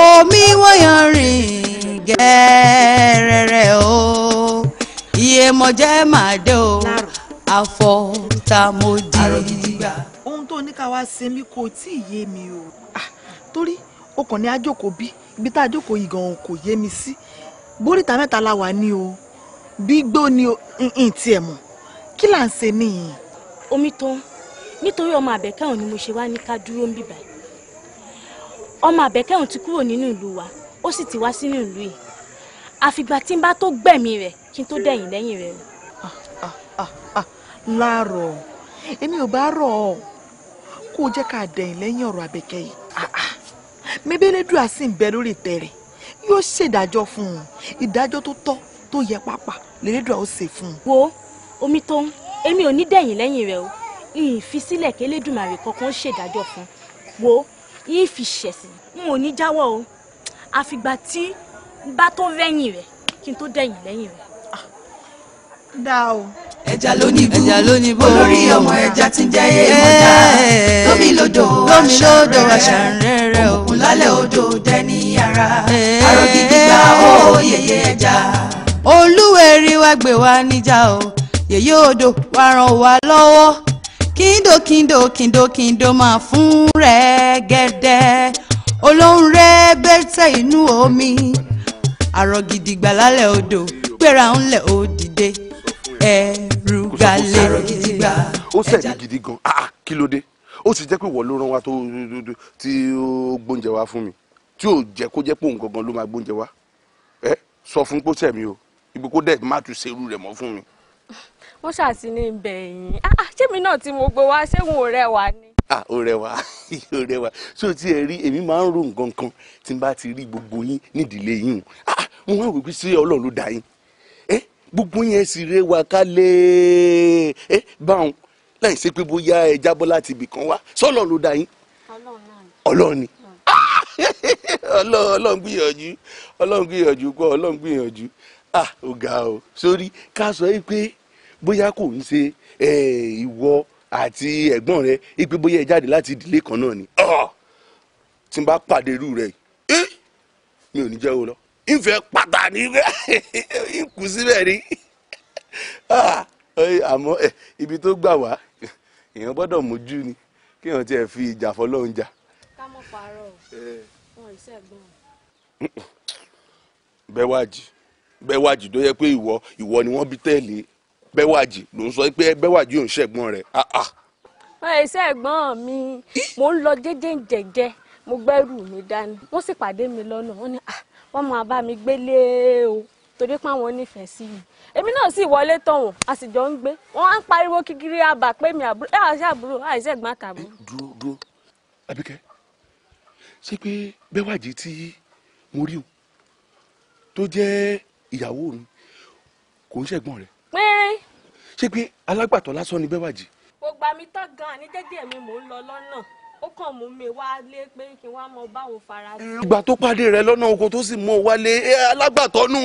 [SPEAKER 1] omi wọ́yàn rìn gẹ́rẹ́rẹ́ o iyemọ̀jẹ́ máa dé o àfọ̀tàmọ́dì.
[SPEAKER 2] ohun tó ní ká wá ṣe kò tí ì yé mi o ah, torí o kàn ní ajókòó bí ibi tá a jókòó yìí gan-an kò yé mi sí bóríta mẹ́ta la wà ní o gbígbó ni o n tiẹ̀ mọ̀ kí là ń ṣe nìyí. omi tán nítorí ọmọ àbẹ̀kẹ́ òun ni mo ṣe wá ní ká dúró ń bìbà ọmọ àbẹ̀kẹ́ ti kúrò nínú ìlú wa ó sì ti wá sínú ìlú yìí àfìgbà tí n bá tó gbẹ̀mí rẹ̀ kí n tó dẹ̀yìn lẹ́yìn rẹ̀ ah, ah, ah, láàárọ̀ èmi ò bá rọ̀ ọ́ kó o jẹ́ ká dẹ̀yìn lẹ́yìn ọ̀rọ̀ àbẹ̀kẹ́ yìí mẹ́bẹ́lẹ́dùà sì ń bẹ lórí ìtẹ́ rẹ̀ yóò ṣèdájọ́ fún un ìdájọ́ tó tọ́ tó yẹ pápá lẹ́lẹ́dùà ó ṣe fún un. wo omi tó ń èmi ò ní dẹ̀yìn lẹ́yìn rẹ o ìyìn fi sílẹ̀ kí Elédùmarè kankan ṣèdájọ́ fún un wo ìyìn fi ṣẹ̀sìn n ò ní jáwọ́ o àfìgbà tí bá tó rẹ́yìn rẹ̀ kí n tó dẹ̀yìn lẹ́yìn rẹ̀. Ah,
[SPEAKER 1] dáa o ẹja ló ní bú olórí ọmọ ẹja tí ń jẹ́ èèmọ̀dá lómi lódò àṣà O òkun lálẹ́ odò dẹ́ni ara àrògidìgbà ó yẹyẹ ẹja. olúwẹ̀rí wá gbé wa níjà o yèyé odò wá ràn wá lọ́wọ́ kíndò kíndò kíndò kíndò máa fún rẹ̀ gẹ́dẹ́ olóhùn rẹ̀ bẹ́tẹ̀ inú omi àrògidìgbà lálẹ́ odò gbéra ńlẹ̀ ó Eh gbà lé gidi gbà. ó sẹ̀dí gidi gan ah, ah kí ló dé
[SPEAKER 3] ó sì jẹ́ pé wọ́n ló rán wa tó tí ó gbóúnjẹ wá fún mi tí ò jẹ́ kó jẹ́ pé òun gangan ló máa gbóúnjẹ wá ẹ sọ fún pé mi o ibi kó dẹ̀ má tún ṣerú rẹ̀ mọ́ fún mi.
[SPEAKER 2] wọ́n ṣàṣì ní ibẹ̀ yìí ah, ah, ṣé mi náà tí mo gbé wá ṣé n ò rẹwà ni. ah ó rẹwà ó rẹwà tí o ti ẹ rí èmi máa ń ro nǹkan kan tí n bá ti rí gbogbo yín nídìílé yín ah mo máa wò pé ṣé ọlọ́run ló dá yín gbogbo yẹn sì rẹ wà kálẹ̀ ẹ e. eh, báwọn láì ṣe pé bóyá ẹ jábọ́ láti ibì
[SPEAKER 3] kan wá sọ́lọ̀ ló dá yín ọlọ́run ni ah! ọlọ́run gbìyànjú ọlọ́run gbìyànjú kọ́ ọlọ́run gbìyànjú ah ọ̀gá o sórí
[SPEAKER 2] ká sọ yìí pé bóyá kò ń ṣe ìwọ àti ẹ̀gbọ́n rẹ ipe bóyá ẹ jáde láti ìdílé kan náà ni ah! tí n bá pàdé irú rẹ yìí eh! mi ò ní jẹ́ o lọ ìfẹ́ pàtà ní ìkù síbẹ̀ ni
[SPEAKER 3] ah, àmọ́ eh, ibi tó gbà wá èèyàn gbọ́dọ̀ mójú ni kí èèyàn tiẹ̀ fi ìjà fọlọ́run jà.
[SPEAKER 2] ká mọ̀ pààrọ̀ wọn ìṣe ẹ̀gbọ́n.
[SPEAKER 3] bẹ́wàjì bẹ́wàjì tó yẹ pé ìwọ ìwọ ni wọ́n bí tẹ̀lé bẹ́wàjì ló ń sọ pé bẹ́wàjì ò ń ṣẹ̀gbọ́n rẹ̀ ah, ah.
[SPEAKER 1] wọn ẹ ṣe
[SPEAKER 2] ẹ̀gbọ́n mi mo ń lọ jẹ́jẹ́ jẹ́jẹ́ mo gbẹ́rù mi dání wọ́n sì pàdé mi lọ́nà wọ́n ní ah wọ́n máa bá mi gbélé o torí pé àwọn nífẹ̀ẹ́ sí mi èmi náà sì wọlé tọ̀ wọ́n a sì jọ ń gbé wọ́n á ń pariwo kíkiri àbá pé mi àbúrò ẹ̀ àṣà àbúrò àìsẹ̀ gbọ́n àtàbúrò. dúró dúró Àbíkẹ́ ṣé pé Bẹ́wàjí tí mo rí o tó jẹ́ ìyàwó mi kò ń ṣẹ̀gbọ́n rẹ̀. pínrín. ṣé pé alágbàtọ́ lásán ni Bẹ́wàjí. gbogbo àmì tán gan-an ní jẹ́jẹ́ mi mò ń lọ lọ́nà ó kàn mú mi wálé pé kí n wá mọ báwọn fara sí. ìgbà tó pàdé rẹ lọ́nà oko tó sì mú ọ wálé alágbàtọ́ nù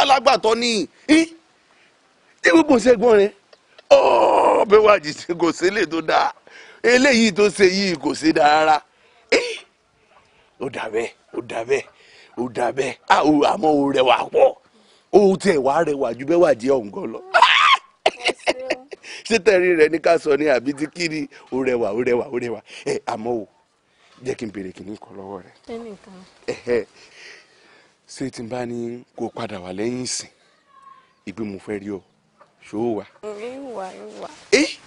[SPEAKER 2] alágbàtọ́ ni tí gbogbo ṣẹ́gun rẹ ọ̀ọ́bẹ̀ wá jìṣẹ́ kò sí lè tó dáa
[SPEAKER 3] eléyìí tó ṣe yìí kò sí dára ó dà bẹ́ẹ̀ ó dà bẹ́ẹ̀ ó dà bẹ́ẹ̀ àmọ́ ó rẹwà pọ̀ ó tẹ̀ wá rẹwà ju bẹ́ẹ̀ wà jẹ́ ọ̀ǹgọ́ lọ títẹ̀rín rẹ̀ ní ká sọ ní àbí ti ni ó rẹwà
[SPEAKER 2] ó rẹwà ó rẹwà ẹ àmọ́ o jẹ́ kí n béèrè kí ní kọ́ lọ́wọ́ rẹ̀. ẹnìkan. ṣé tí n bá ní kó padà wà lẹ́yìn ìsìn ìgbé mo fẹ́ rí ọ ṣó wà. ìwà ìwà. ẹ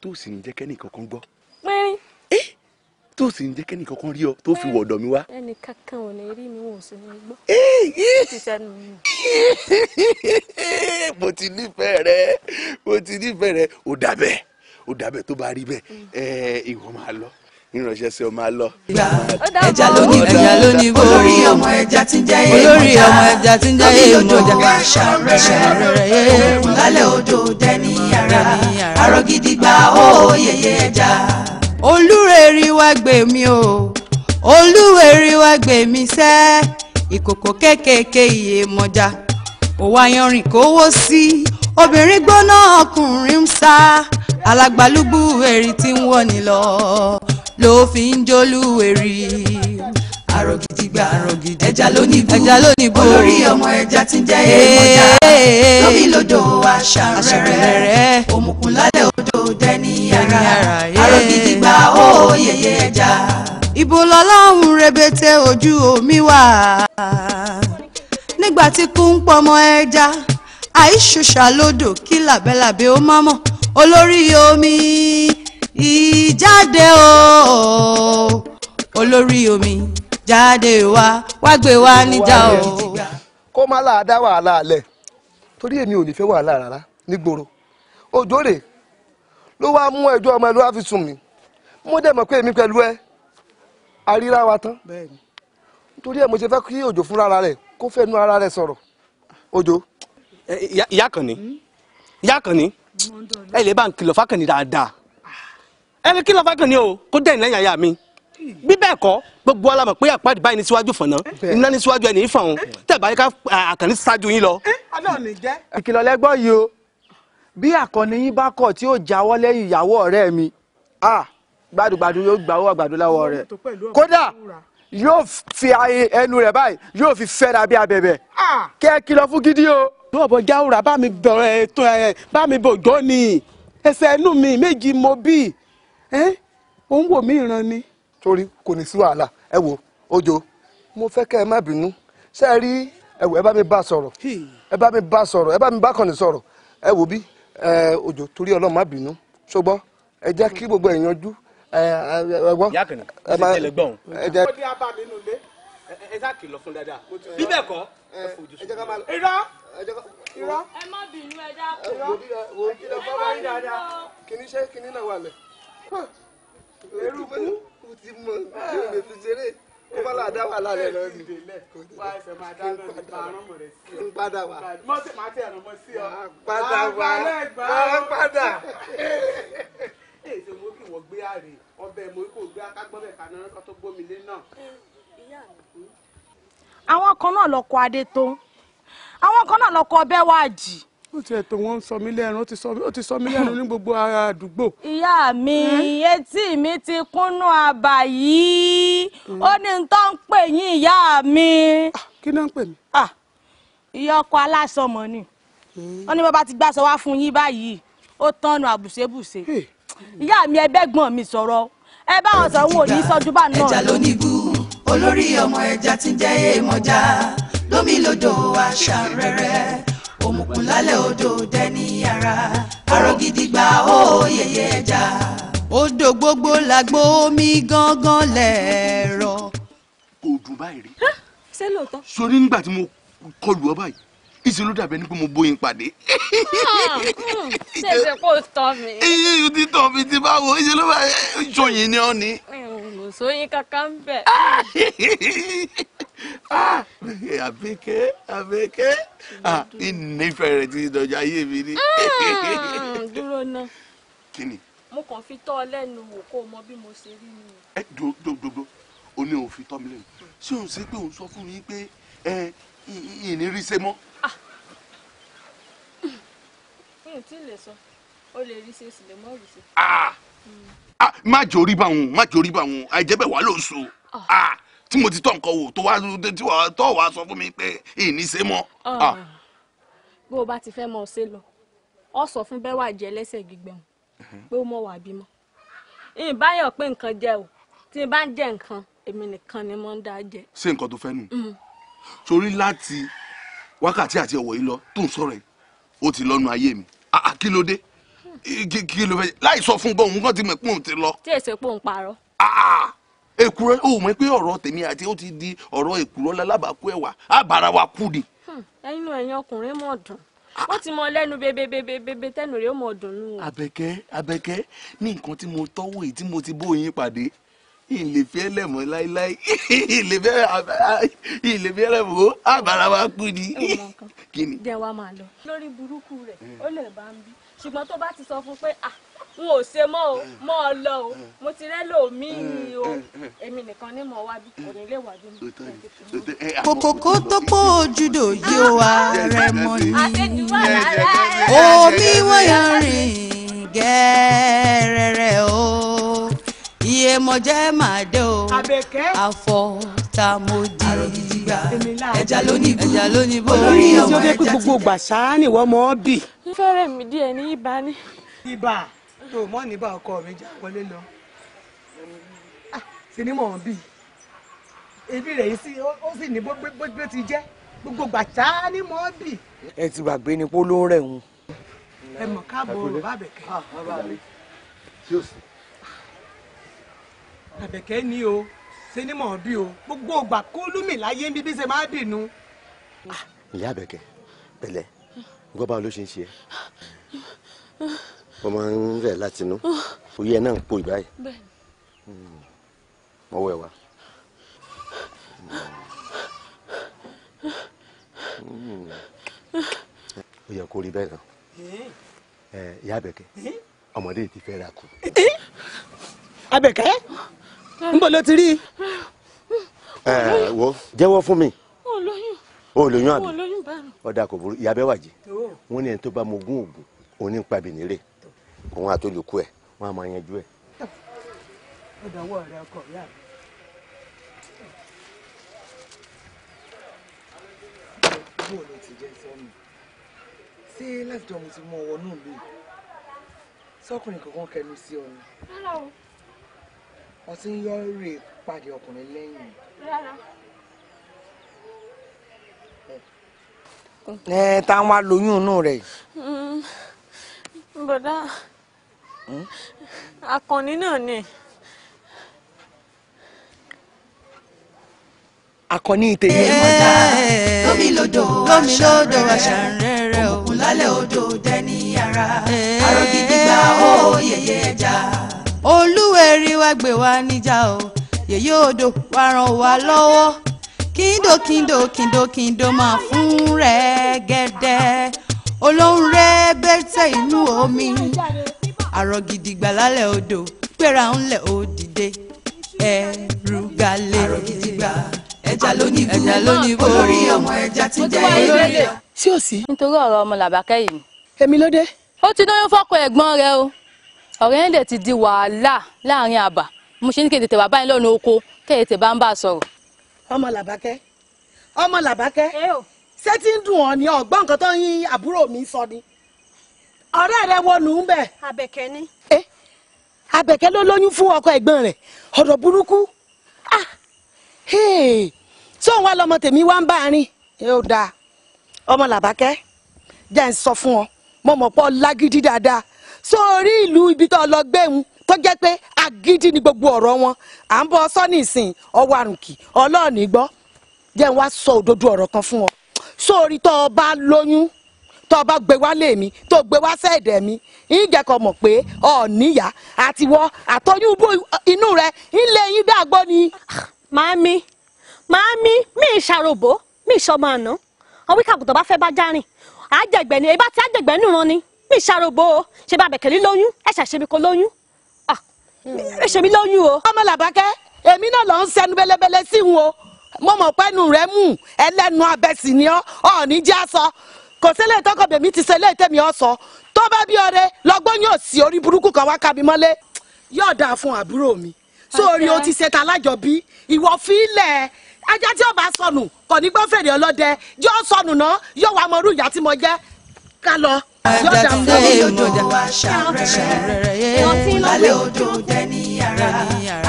[SPEAKER 2] tó sì ń jẹ́ kẹ́nìkan kan gbọ́ tó sì ń jẹ́ kẹ́ni kankan rí ọ tó fi wọ̀dọ̀ mi wá. ẹnì kankan ò ní rí mi wọn ò sì ní gbọ́. ó ti sẹ́nu mi. mo ti nífẹ̀ẹ́ rẹ mo ti nífẹ̀ẹ́ rẹ ò dàbẹ̀ ò dàbẹ̀ tó bá rí bẹ́ẹ̀ mm. ẹ ìwọ máa lọ ìránṣẹ́ sí ọ máa lọ.
[SPEAKER 1] ẹja ló ní ẹja ló ní bó olórí ọmọ ẹja tí ń jẹ́ èèmọ̀ já olórí ọmọ ẹja tí ń jẹ́ èèmọ̀ já wá ṣàrẹ̀ ṣàrẹ̀ òun lálẹ́ odò dẹ́ni ara arọ gidi gba ó yẹyẹ ẹja olúrẹ̀rí wá gbè mí o olúwẹ̀rí wá gbè mí sẹ́ ìkòkò kékèké iye mọ́já òwò ayanrìn kówó sí obìnrin gbóná ọkùnrin ń sá alágbálúgbú èrì tí ń wọ̀ni lọ ló fi ń jólúwẹ̀rí àrògidìgbà àrògidì ẹja lónìbù ẹja lónìbù olórí ọmọ ẹja tí ń jẹ èèmọjà lómi lódò àṣà rẹrẹ òmùkùn lálẹ́ yẹyẹ ẹja. ibo lọ́lọ́run rebete ojú omi wà nígbà tí kú ń pọmọ ẹja àìṣùṣà lódò kí làbẹ́làbẹ́ ó má mọ̀ olórí omi ìjáde o olórí omi jáde wá
[SPEAKER 2] wá gbé wá níjà o. kó má láà dá wàhálà alẹ torí èmi ò ní fẹ́ wàhálà rárá nígboro òjò rè ló wá mú ẹjọ́ ọmọ ẹ ló wá fi sùn mí mo dẹ̀ mọ̀ pé èmi pẹ̀lú ẹ aríra wa tán nítorí ẹ mo ṣe fẹ́ kí òjò fúnra rẹ̀ kó fẹ́nu ara rẹ̀ sọ̀rọ̀ òjò. ìyá kan ni ìyá kan ni ẹ lè bá ń kìlọ̀ fákànnì dáadáa ẹ lè kìlọ̀ fákànnì o kó dẹ̀ ní lẹ́yìn àyà mi bí bẹ́ẹ̀ kọ́ gbogbo wa la mọ̀ pé àpáàdì báyìí ní síwájú fọ̀nà iná ní síwájú ẹ̀ ní ìfọ̀n o tẹ̀bá yẹ ká àkànní ṣáájú yín lọ. ìkìlọ̀ lẹ́gbọ́ yìí o bí àkànní yín bá kọ̀ tí ó jáwọ́ lẹ́yìn ìyàwó ọ̀rẹ́ mi ah gbàdúgbàdú yóò gba owó àgbàdo lọ́wọ́ rẹ̀ kódà yóò fi ẹnu rẹ̀ báyìí yóò fi fẹ́ra bí abẹ̀bẹ̀ kí ẹ kìlọ̀ fún gidi o. yóò bọ bá mi bọ̀rọ̀ ètò ẹ̀ bá mi bòjọ́ ni ẹsẹ̀ inú mi méjì mo bí ẹ́ òun wò mí ìran ni. torí kò ní sí wàhálà ẹ wo ojo mo fẹ́ kẹ́ ẹ má bínú ṣé ẹ rí ẹ ẹ bá mi bá sọ̀rọ̀ ẹ bá mi bá sọ̀rọ̀ ẹ bá mi bá kàn ní sọ̀rọ̀ ẹ wò bí ojo torí ọlọ́run má bínú ṣùgbọ́n ẹ jẹ́ kí gbogbo ẹ̀
[SPEAKER 4] ẹgbọn yàkànnì ẹ máa tẹlẹ gbọn. bẹ́ẹ̀ kọ́
[SPEAKER 2] o ti mọ
[SPEAKER 4] kí o lè fi ṣeré kó má là dá wà lálẹ́ lọ wá ẹsẹ̀ máa dá lọ nípa aránmọ̀ rẹ̀ sí ọ. n padà wá.
[SPEAKER 2] tẹ̀ ẹ̀rọ mọ́ sí ọ. padà wá padà. èso mo kì wọ́n gbé àrè ọbẹ̀ mo kò gbé akágbọ́bẹ̀ kaná lọ́kọ́ tó gbómi lé náà. Hmm? àwọn kan náà lọkọ adé tó àwọn kan náà lọkọ ọbẹ̀ wá jì. ó ti ẹ̀tọ́ wọn ń sọ mí lẹ́nu ó ti sọ mí lẹ́nu ní gbogbo ara àdúgbò. ìyá mi etí mi ti kúnnú àbà yìí ó ní n tó ń pè yín ìyá mi. Ah, kí ló ń pè mí. Ah, ìyá ọkọ aláṣọmọ ni wọn hmm. ní bàbá ti gbàsọ wá fún yín báyìí ó tán nu àbùṣebùṣe ìyá mi ẹbẹ́ gbọ́n mi
[SPEAKER 1] sọ̀rọ̀ ẹ bá wọn sọ̀rọ̀ wọn ò ní sọ́jú bá náà. ẹja ló ní bú olórí ọmọ ẹja tí ń jẹ́ èèmọ̀já lómi lodò àṣà rẹ̀rẹ̀ òmùkùn lálẹ́ odò dẹ́ni ara arọ gidi gba ó yẹyẹ ẹja. odò gbogbo làgbó omi gángan lẹ̀rọ. kò báyìí rí. ṣé lóòótọ́.
[SPEAKER 2] sori nígbà tí mo kọlù ọ báyìí ìṣe ló dàbí ẹni pé mo bóyin pàdé. ṣé ṣe kò tọ́ mi. iye ti tọ́ mi ti bá wo ìṣe ló bá jọyìn ni ọ́ ni. kò sóyin kankan bẹ̀. àbíkẹ́ àbíkẹ́ ìnífẹ̀ẹ́ rẹ̀ ti dọ̀jà ayé mi ni. dúró náà. kí ni. mo kàn fi tọ́ ọ lẹ́nu wò kó o mọ bí mo ṣe rí ni. ẹ dòdòdò o ní òun fi tọ́ mi lẹ́nu ṣé òun ṣe pé òun sọ fún mi pé ìnírísẹ́ mọ́
[SPEAKER 1] n tí lè sọ o lè rí ṣe sì lè mọ rí ṣe. Ah!
[SPEAKER 3] Hmm. Ah! má jórí bá wọn má jórí bá wọn àìjẹ́bẹ̀ wà ló ń so ah. tí mo ti tọ̀ nǹkan wò tó wá tí wàá tọ̀ wá sọ fún mi pé ìní ṣe mọ́.
[SPEAKER 2] bó o bá ti fẹ́ mọ ọ ṣe lọ ọ sọ fún bẹ́wà jẹ lẹ́sẹ̀ gbígbẹ́ wọn mhm. pé ó mọ̀ wà bímọ. ìbáyọ̀ pé nǹkan jẹ o tí n bá ń jẹ nǹkan èmi nìkan ni mo ń dá jẹ.
[SPEAKER 3] ṣé nǹkan tó fẹ́ nù. torí hmm. láti wákàtí àti ọ̀wọ̀ yìí lọ tó ń sọ̀rọ̀ ẹ̀ ó ti lọ́nu
[SPEAKER 2] ayé mi. Ah, ah, kí ló dé kí ló fẹ́ láì sọ fún bọ́ọ̀hún kan ti mọ̀ pé òun ti lọ. tí èsè pò ń parọ́. Ah,
[SPEAKER 3] èkúrọ́ ò mọ̀ pé ọ̀rọ̀ tèmi àti ó ti di ọ̀rọ̀ èkúrọ́ lálábàákú ẹ̀wà àbára wa kú ni.
[SPEAKER 2] Hmm, ẹnu ẹ̀yin ọkùnrin mọ̀ dùn wọ́n ti mọ lẹ́nu bebebebebe tẹ́nu rẹ̀ ó mọ̀ dùn nù. Àbẹ̀kẹ́ Àbẹ̀kẹ́ ní nǹkan tí mo tọ́wọ́ yìí tí mo ti bóyin pàdé ìlèfẹ́ lẹ̀mọ́ láíláí ìlèfẹ́ ìlèfẹ́ lẹ̀mọ́ àbára kú ni. kí ni. jẹ́ wa máa lọ. lórí burúkú rẹ̀ ó lè bá ń bí ṣùgbọ́n tó bá ti sọ fún pé n ò ṣe mọ́ o mọ́ ọ lọ o mo ti rẹ́ lòmíì o èmi nìkan ní mọ̀ wá bí kò lè wá bí mi.
[SPEAKER 1] kòkòkò tó kó ojúdò yí o ah, ààrẹ mọ ni omi wọ́n yà rìn gẹ́rẹ́rẹ́ o àyèmọ̀jẹ́ máa dé o àfọ̀tàmọ̀jì ẹja lónìí bó ẹja lónìí bó olórí ọmọ ẹja ti
[SPEAKER 2] gbogbo gbà ṣáá ni wọ́n mọ̀ ọ́ bì. fẹ́rẹ̀ mi díẹ̀ ní ibà ni.
[SPEAKER 4] ibà tó mọ́ níbà ọkọ mi jà wọlé lọ sí ni mò ń bì ebi rẹ̀ yìí sí ó sì ní
[SPEAKER 2] bó ti jẹ́ gbogbo gbà ṣáá ni mò ń bì.
[SPEAKER 4] ẹ ti gbàgbé ni polo rẹ̀ ń.
[SPEAKER 2] ẹ mọ̀ káàbọ̀ bàbá bẹ̀kẹ́. ṣé o sì àbẹ̀kẹ́ ni o ṣe ni mò ń bí o gbogbo ògbà kó lùmí láyé ń bí bí ṣe máa dìnnú. Ah,
[SPEAKER 4] ìyá àbẹ̀kẹ́ pẹ̀lẹ́ gbọ́ báwo ló ṣe ń ṣe ẹ́
[SPEAKER 3] wọ́n máa ń rẹ̀ látinú oyè náà ń po ìbáyìí ọwọ́ ẹ̀ wá.
[SPEAKER 2] ó yẹ kó rí bẹ́ẹ̀ náà eh. Eh, ìyá àbẹ̀kẹ́ eh? ọmọdé ti fẹ́ ra kù. àbẹ̀kẹ́ nbọ ló ti rí. ẹ wo jẹ́wọ́ fún
[SPEAKER 3] mi. o lóyún àbí ọ̀dà kò burú ìyá bẹ́wàjì wọ́n ní ẹni tó bá mo gún ògùn òní ń pabì nílé òun àtolùkù ẹ̀ wọ́n á máa yanjú ẹ̀.
[SPEAKER 4] ọ̀dàwọ̀ rẹ ọkọ ìyá mi. bó ló ti jẹ sọnù ṣé láti jọ mo ti mú ọwọ́ náà lò sọkùnrin kankan kẹnu sí ọ ni. ó ti ń yọ rè pàdé ọkùnrin lẹ́yìn. ẹ ta wá lóyún inú rẹ. Mm, bọ̀dá hmm?
[SPEAKER 2] akọni náà ni.
[SPEAKER 1] akọni tèmi mọ̀já. Eh, eh, lómi lódò lómi lódò àṣàrẹ̀rẹ̀ òkun lálẹ́ odò dẹ́ni ara eh, àrògidì gba ó yẹyẹ ẹja. olúwẹ̀rí wá gbé wa níjà o yèyé odò wá ràn wá lọ́wọ́ kíndò kíndò kíndò kíndò máa fún rẹ̀gẹ̀dẹ̀ olóhùn rẹ̀ bẹ́tẹ̀ inú omi àrọ̀ gidi gbà lálẹ́ odò gbéra ńlẹ̀ ó dìde ẹ̀rù galẹ̀ àrọ̀ gidi gbà ẹja lónìbó ẹja lónìbó olórí ọmọ ẹja ti jẹ ẹlẹ́yà. sí òsì. nítorí ọ̀rọ̀ ọmọ làbákẹ́ yìí. èmi ló dé. ó ti lóyún fọ́kọ ẹ̀gbọ́n rẹ o ọ̀rọ̀ yẹn dẹ̀ ti di wàhálà láàrin àbà mo ṣe ní kéde tẹ̀ bàbá yẹn lọ́nà oko kéde tẹ̀ bá ń bá a sọ̀rọ̀.
[SPEAKER 2] ọmọ làbákẹ́ ọmọ làbákẹ́ ṣé tí ń dùn ọ́ ni ọ̀gbọ́n nǹkan tó yín àbúrò mi sọ ni ọ̀rẹ́ rẹ wọnú ń bẹ̀. abẹ̀kẹ́ ni. abẹ̀kẹ́ ló lóyún fún ọkọ ẹ̀gbọ́n rẹ̀ ọ̀rọ̀ burúkú sóun ah, wá lọmọ tèmi wá ń bá a rìn yóò dáa ọmọ làbákẹ́ jẹ́ ń sọ fún ọ mọ̀mọ́ lágídí dáadáa sórí ìlú ibi tó lọ gbẹ̀hún tó jẹ́ pé agídí ni gbogbo ọ̀rọ̀ wọn à ń bọ sọ́ni ìsìn ọwọ́ àrùnkì ọlọ́ọ̀ni gbọ́ jẹ́ n wá sọ òdodo ọ̀rọ̀ kan fún ọ sórí tó o bá lóyún tó o bá gbé wá lé mi tó o gbé wá sẹ́ẹ̀dẹ̀ mi ìjẹ́kọ̀ mọ̀ pé ọ̀ọ́nìyá àtiwọ́ àtọ́yún inú rẹ̀ ńlẹ̀ yín dàgbọ́ ni. màámi màámi mi ìṣàròbó mi ìṣọmọ àná ọwíkàgùtàn bá fẹ́ bá járìn àjẹgbẹ́ ni èyí bá ti àjẹgbẹ́ nìran ni mi ṣàròbó o ṣe bá bẹ̀kẹ̀lí lóyún ẹ̀ṣẹ̀ ṣe mi kò lóyún ẹ ṣe mi ah, lóyún o. ọmọ làbákẹ́ èmi náà lọ ń sẹnu belebele sí n o mo mọ̀ pẹ́nu rẹ mú ẹlẹ́nu abẹ́sì ni ọ́ ọ̀ọ́ni jẹ́ aṣọ kò sílẹ̀ tọkọ bèmí ti ṣe léètè mi ọ̀sọ́ tó bá bí ọrẹ lọ́gbọ́n yóò sí orí burúkú kan wá kábi mọ́lé yóò dáa fún àbúrò mi sórí o ti ṣètò alájọbí ìwọ fílẹ̀ ajá tí ó bá sọnù kò ní gbọ́ fèrè ọlọ́dẹ yóò sọnù náà yóò wá mọ́rú ìyá tí mo jẹ́ ká lọ ajá
[SPEAKER 1] ti dé ìmọ̀jà ṣàrẹ̀rẹ̀ balẹ̀ odò dẹni ara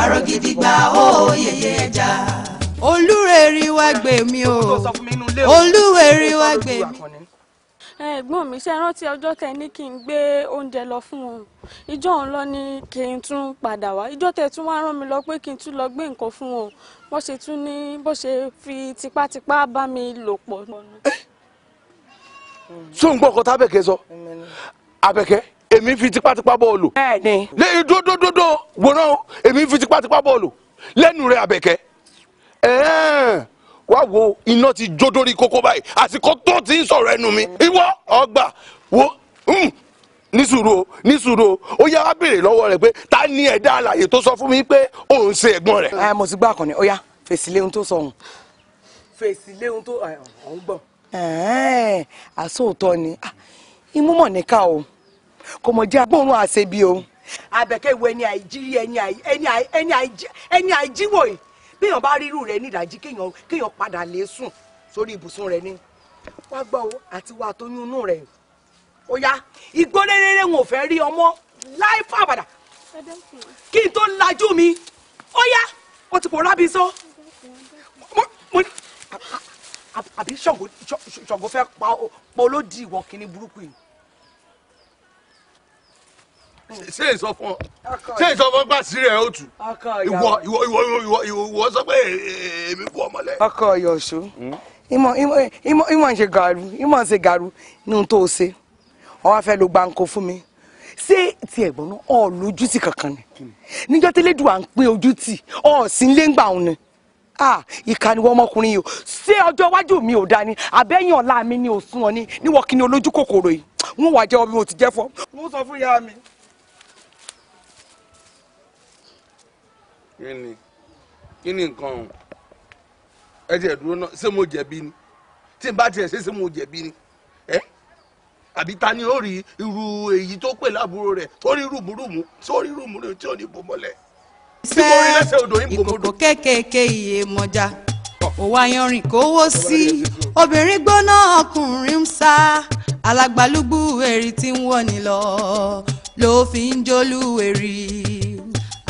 [SPEAKER 1] àrògidìgbà ó yẹyẹ ẹja. olúrẹ̀rí wá gbè mí o olúrẹ̀rí wá gbè
[SPEAKER 2] mí ẹ̀gbọ́n mi ṣe rántí ọjọ́ tẹ ní kí n gbé oúnjẹ lọ fún wọn ìjọ òun lọ ni kí n tún padà wá ìjọ tẹ tún wá rán mi lọ pé kí n tún lọ gbé nǹkan fún wọn bó ṣe tún ní bó ṣe fi tipátipá
[SPEAKER 1] bá mi lò pọ̀
[SPEAKER 2] so ń gbọ́ ọkọ tábẹ̀kẹ́ sọ abẹ́kẹ́ èmi fi tipátipá bọ́ọ̀lù lẹ́yìn dódódódó wòran o èmi fi tipátipá bọ́ọ̀lù lẹ́nu rẹ̀ abẹ́kẹ́ wá wo iná ti jó dórí kókó báyìí àsìkò tó ti ń sọ̀rọ̀ ẹnu mi ìwọ ọgbà wo ní o ní o ó yá wá béèrè lọ́wọ́ rẹ̀ pé ta ni ẹ̀dá àlàyé tó sọ fún mi pé
[SPEAKER 4] òun ṣe ẹ̀gbọ́n rẹ̀. mo ti gbọ́ àkànní ó yá fèsì léhun tó sọ òun
[SPEAKER 2] fèsì léhun tó ọ̀hún gbọ̀n
[SPEAKER 4] àsóòtọ́ ni ìmúmọ̀ níkà o kò mọ̀ jẹ́ agbóhùn àṣebi o
[SPEAKER 2] abẹ́kẹ́wò ẹni àìjírí
[SPEAKER 4] ẹni àìjíwò yìí béèyàn bá rírù rẹ nídàájí kéèyàn padà lè e sùn sórí ibùsùn rẹ ni wá gbọ́ o àti wà tó yún inú rẹ ó yá
[SPEAKER 2] igbó rere wọn ò fẹ́ rí ọmọ láì fàbàdà kí n tó lajú mi ó yá ó ti pòórá bí sọ mo ní àbí ṣọ̀gbọ́n fẹ́ pa olódì ìwọ kìíní burúkú yìí. ṣé ìsọ fún ọ ṣé ìsọ fún ọgbà sí rẹ ó tù ìwọ ìwọ ìwọ ìwọ ìwọ sọ pé èmi bú ọmọlẹ.
[SPEAKER 4] ọkọ yọṣọ ìmọ̀ ń ṣe gàrú ìmọ̀ ń ṣe gàrú ní ohun tó o ṣe ọwọ́ fẹ́ ló gbáǹkó fún mi ṣé ti ẹ̀gbọ́n náà ọ̀ lójú tì kankan ni níjọ́
[SPEAKER 2] tẹ́lẹ̀dùn à ń pín ojú tì ọ̀ sí ń lé ń gbà òun ni ìka ni wọ́n ọmọkùnrin yìí o ṣé ọjọ́ iwájú mi ò dání àbẹ́yìn ọ̀la mi ni ò sún ọ ní níwọ̀ kí ni olójú kòkòrò yìí wọ́n wàá jẹ́wọ́ bí mo ti jẹ́ fọ́. mo sọ fún ìyá mi. kí ni kí ni nǹkan ọ̀hún ẹ tiẹ̀ dúró náà ṣé mo jẹ̀bi ni tí n bá tiẹ̀ ṣe ṣé mo jẹ̀bi ni ẹ́ àbí ta ni ó rí irú èyí tó pè láàbúrò rẹ̀ tó rí rùmùrùmù tó rí rùmùrùmù tí ò ní bò mọ́lẹ̀
[SPEAKER 1] fẹ́ ìkòkò kéékèèké iye mọ́já òwò ayanrìn kówó sí obìnrin gbóná ọkùnrin ń sá alágbálúgbú èrì tí ń wọ̀ni lọ ló fi ń jólú èrì.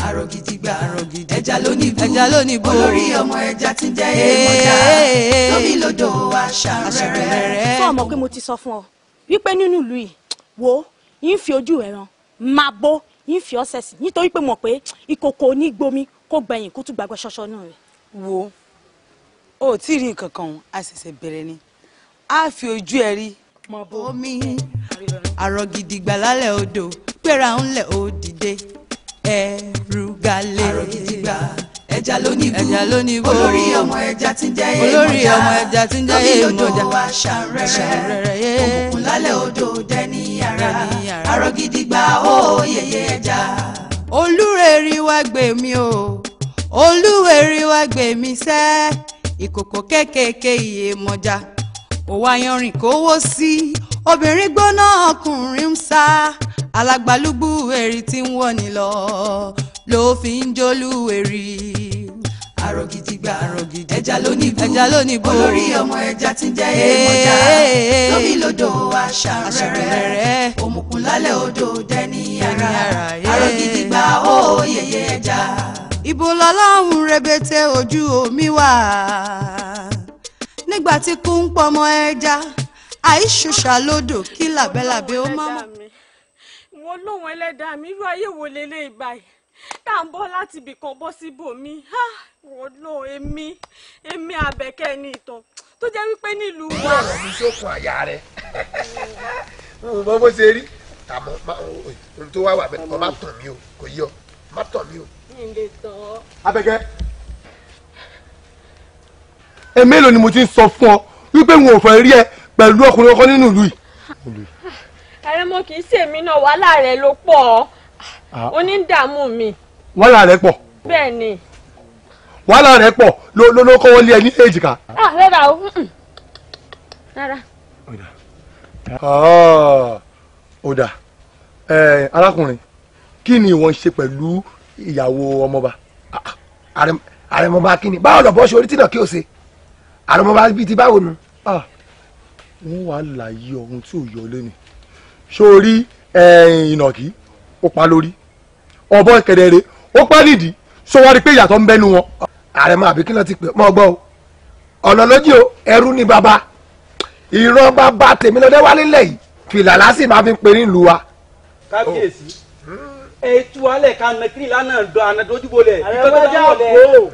[SPEAKER 1] àrògìdìgbà àrògìdì ẹja lónìbó ẹja lónìbó olórí ọmọ ẹja ti jẹ èèmọ̀já lómi lodò àṣàrẹ̀rẹ̀. fún ọmọ pé mo ti sọ fún ọ wípé nínú ìlú yìí
[SPEAKER 2] wo yín fi ojú ẹ̀ máa bó yín fi ọṣẹ sí nítorí pé mọ̀ pé ìkòkò onígbomi kó gbẹ̀yìn kó tún gbàgbọ́ ṣọṣọ nù rẹ̀. wo o tí rí nǹkan kan
[SPEAKER 1] a ṣẹ̀ṣẹ̀ bẹ̀rẹ̀ ni a fi ojú ẹ rí omi àrọ̀ gidi gbà lálẹ́ odò gbéra ńlẹ̀ ó dìde ẹ̀rù galẹ̀ àrọ̀ gidi gbà ẹja lónìbó ẹja lónìbó olórí ọmọ ẹja tí ń jẹ́ èèmọ̀já olórí ọmọ ẹja tí ń jẹ́ èèmọ̀já omi lodò aṣàrẹ̀rẹ̀ òkùnkùn lálẹ́ odò dẹni yàrá arọ gidi gba ó yẹyẹ ẹja. olúrẹ̀rí wá gbè mí o olúwẹ̀rí wá gbè mí sẹ́ ìkòkò kékèké ìyèmọ̀já òwò ayanrìn kówó sí obìnrin gbóná ọkùnrin ń sá alágbálúgbú èrì tí ń wọ̀ ní lọ ló fi ń jólú èrì àrògidìgbà ẹja lónìí bú olórí ọmọ ẹja tí ń jẹ́ èèmọ̀já lómi lódò aṣàrẹ̀rẹ̀ òmùkùn lálẹ́ odò dẹ́ni ara àrògidìgbà ó yẹyẹ ẹja. ibo lọ́lọ́run rẹ̀bẹ̀tẹ̀ ojú omi wà nígbà tí kú ń pọmọ ẹja àìṣùṣà lódò kí làbẹ́làbẹ́ ó má mọ̀.
[SPEAKER 2] ìwọ lóhun mi irú ayé wo lélẹ́yìí báyìí tá à ń bọ́ láti ibì kan bọ́ síbòmí wọ́lọ́ èmi èmi àbẹ̀kẹ́ ni ìtàn tó jẹ́ wípé nílùú wa. wọ́n rọ̀ mí sókun àyà rẹ̀ mo mọ bó ṣe rí àmọ́ ohun tó wá wà bẹ́ẹ̀ kọ́ má tàn mí o kò yí ọ má tàn mí o. mi lè tàn ọ́. abẹ́kẹ́ èmélòó ni mo ti ń sọ fún ọ wípé n ò fẹ́ rí ẹ pẹ̀lú ọkùnrin ọkọ nínú ìlú yìí. àrẹ̀mọ kì í ṣèmi náà wàhálà rẹ ló pọ̀ ah. ó ní dààmú mi. wàhálà rẹ pọ̀. bẹ́ẹ̀ ni wàhálà rẹ̀ pọ̀ ló ló kọ́wọ́ lé ẹ ní èjìká. Ah, rárá
[SPEAKER 1] o rárá.
[SPEAKER 2] ó dà ah, arákùnrin kí ni ìwọ ń ṣe pẹ̀lú ìyàwó ọmọba ah, àrẹ̀mọba kí ni báwo lọ́bọ̀ ṣe orí tí náà kí o ṣe àrẹ̀mọba bíi ti báwo nu. wọ́n wàá láyé ohun tí ò yọ lónìí sórí ìnàkí ó pa lórí ọ̀bọ kẹ̀dẹ̀rẹ̀ ó pa nídìí sọ wá rí pé ìyàtọ̀ ń bẹ́nu wọn àrẹ̀mọ àbí kí ló ti pè mọ́ gbọ́ o ọ̀nà lójì o ẹrú ni bàbá ìran bàbá tèmi lọ́dẹ́ wálé lẹ́yìn fìlà lásì máa fi ń perí ìlú wa. kábíyèsí ètò alẹ́ ká nà kiri lánà dọ̀ àná dojúbo lẹ̀. àrẹ wọ́n já o.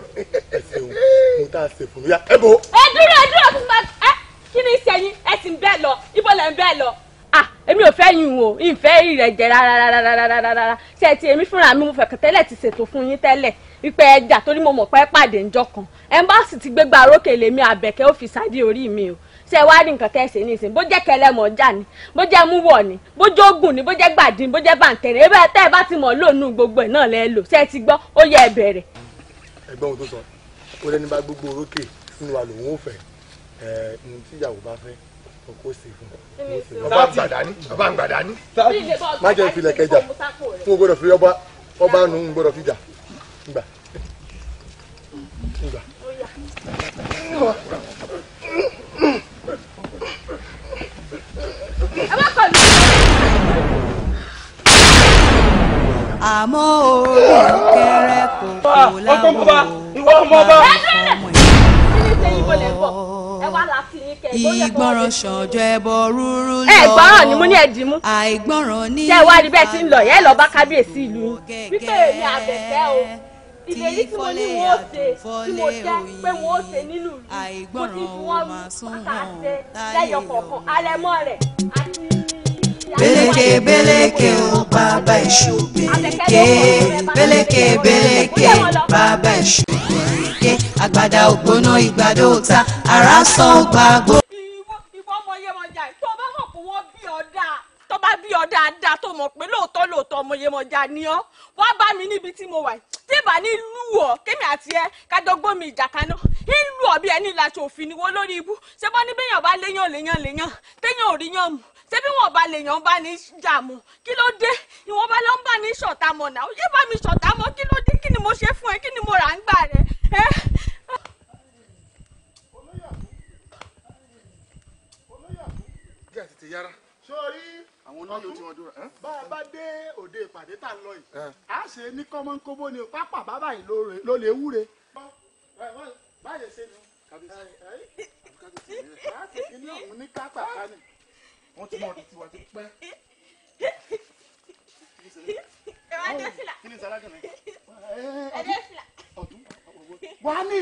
[SPEAKER 2] mo tá a fún mi. ẹ bò. ẹ dúró ẹ dúró fún mi ẹ kí ni ṣe yín ẹ sì ń bẹ́ẹ̀ lọ ibo lẹ̀ ń bẹ́ẹ̀ lọ. à èmi ò fẹ́ yín o ìfẹ́ ìrẹ̀jẹ̀ rárá rárá rárá rárá ṣe ti èmi fúnra mi mo fẹ́ tẹ́lẹ̀ ti ṣètò fún yín tẹ́lẹ̀ ipe ẹja torí mo mọ̀ pé pàdé ńjọ́ kan ẹ̀ńbáàsì ti gbégbá rókè lèmi àbẹ̀kẹ́ ó mi o ṣe wá rí nǹkan tẹ́sẹ̀ ní ìsìn bó jẹ́ kẹlẹ́mọ̀ ni bó jẹ́ múwọ̀ ni bó ogun ni bó jẹ́ gbàdí bó jẹ́ bàǹtẹ̀rẹ̀ ebe ẹ bá ti mọ̀ lónú gbogbo ẹ̀ náà lẹ́ lò ṣe ti gbọ́ ó yẹ ẹ
[SPEAKER 3] tó sọ ó bá
[SPEAKER 2] gbogbo ọba ọba nù gbà gbà. ẹ má kọ
[SPEAKER 1] àmọ́ orí kẹrẹ kò kò ah, láwọ̀ ọmọ ọmọ ìgbọràn ṣànjọ ẹbọ rúrú
[SPEAKER 2] lọ. ẹ gbọ́ràn ni mo ní ẹ̀dín mú. àìgbọràn ní. ṣé ẹ wá rí bẹ́ẹ̀ tí ń lọ yẹn lọ bá kábíyèsí ìlú.
[SPEAKER 1] wípé èmi àbẹ̀fẹ́ o ìlérí tí mo ní wọn ṣe tí mo jẹ pé wọn ṣe nínú ìlú mo ti fi
[SPEAKER 2] wọn pàtàkì lẹ́yọ kọ̀ọ̀kan alẹ́mọ́ rẹ̀ àti.
[SPEAKER 1] Beleke beleke o baba iṣu beleke beleke beleke baba iṣu beleke agbada ògbóná ìgbàdo ta ara sọ gbàgbó.
[SPEAKER 2] wá bí ọ dáadáa tó mọ̀ pé lóòótọ́ lóòótọ́ ọmọ Yemọja ni ọ́ wá bá mi níbi tí mo wà tí ìbá ní lù ọ́ kémi àti ẹ kájọgbọ́n mi ìjà kaná ìlú ọ̀bí ẹni làṣọ òfin ni wo lórí ibú ṣé bọ́ ní bẹ́yàn bá léyàn léyàn léyàn téyàn ò ríyàn mú ṣé bí wọ́n bá léyàn bá ní jà mú kí ló dé ìwọ́n bá lọ́ bá ní ṣọ̀tá mọ̀ náà yé bá mi ṣọ̀tá mọ́ kí ló dé kí ni mo ṣe fún ẹ kí ni mo rà ń gbà rẹ ẹ́. olóyè àbú olóyè àbú. gẹ́gẹ́ àti àwọn náà yóò ti wọn dúró. bá a bá dé òde ìpàdé tá a lọ yìí a ṣe ní kọ́mọ́nkóbó ni pápá bàbá yìí ló lè wúre. báyìí ṣe ni láti kí ní òun ní kápá ká ni wọ́n ti mọ ọdún tiwa ti pẹ́. wà á ní.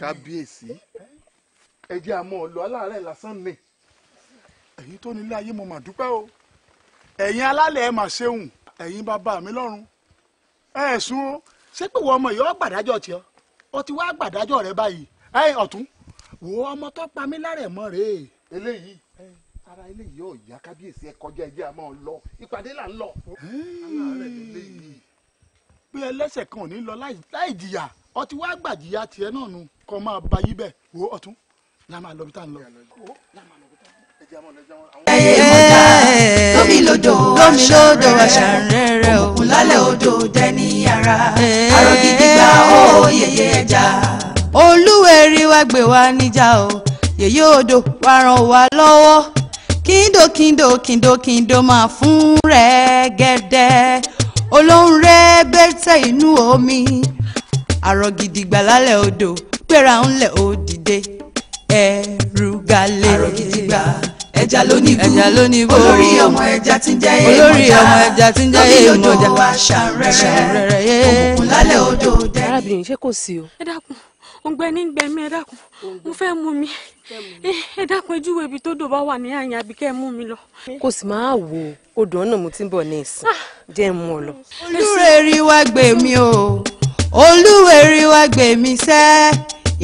[SPEAKER 2] kábíyèsí ẹ jẹ́ àmọ́ ọ̀lọ́ aláàárẹ̀ lásán ni èyí tó nílé ayé mo mà dúpẹ́ o ẹ̀yin alálẹ̀ ẹ̀ mà ṣeun ẹ̀yin bàbá mi lọ́run ẹ̀ sùn o ṣé pé wọ́n ọmọ yìí ọ́ gbàdájọ́ tiẹ̀ ọ ti wá gbàdájọ́ rẹ báyìí ẹ̀yin ọ̀tún wo ọmọ tó pa mí lára ẹ̀ mọ́ rèé. eléyìí ara eléyìí ò yá kábíyèsí ẹ kọjá ẹjẹ àmọ́ ọ lọ ìpàdé là ń lọ. pé ẹlẹ́sẹ̀ kan ò ní lọ láì jìyà ọ ti wá gbàjìyà tiẹ̀ náà nu kọ́ máa ba yí bẹ́ẹ̀ wo ọ̀tún yàrá lọ bí tá à ń lọ
[SPEAKER 1] lómi lódò lómi lódò àṣàrẹ̀rẹ̀ òkun lálẹ́ odò dẹ́ni ara àrò gidi gba ó yẹyẹ ẹja. olúwẹ̀rí wa gbé wa níjà o yèyé odò wa ràn wá lọ́wọ́ kíndò kíndò kíndò kíndò máa fún rẹ̀ gẹ́dẹ́ olóhùn rẹ̀ bẹ́tẹ̀ inú omi àrò lálẹ́ odò gbéra ńlẹ̀ ó dìde ẹ̀rù galẹ̀ ẹja lónìbù ẹja lónìbù olórí ọmọ ẹja tí ń jẹ́ èèmọ̀já olórí ọmọ ẹja tí ń jẹ́ èèmọ̀já orí odò àṣàrẹ̀rẹ̀ òkùnkùn lálẹ́ odò dẹ́. arábìnrin ṣé kò sí o. ẹ dákun
[SPEAKER 2] òǹgbẹ ní gbẹmí ẹ dákun mo fẹ́ mú mi ẹ dákun ojúwe ibi tó dò bá wà ní àyàn àbí kẹ́ mú mi lọ.
[SPEAKER 1] kò sì máa wò odò ọ̀nà mo ti ń bọ̀ ní ìsìn ah! jẹ́ mú ọ lọ. olúwẹ̀rí wá gbè mí o olúwẹ̀rí wá gbè mí sẹ́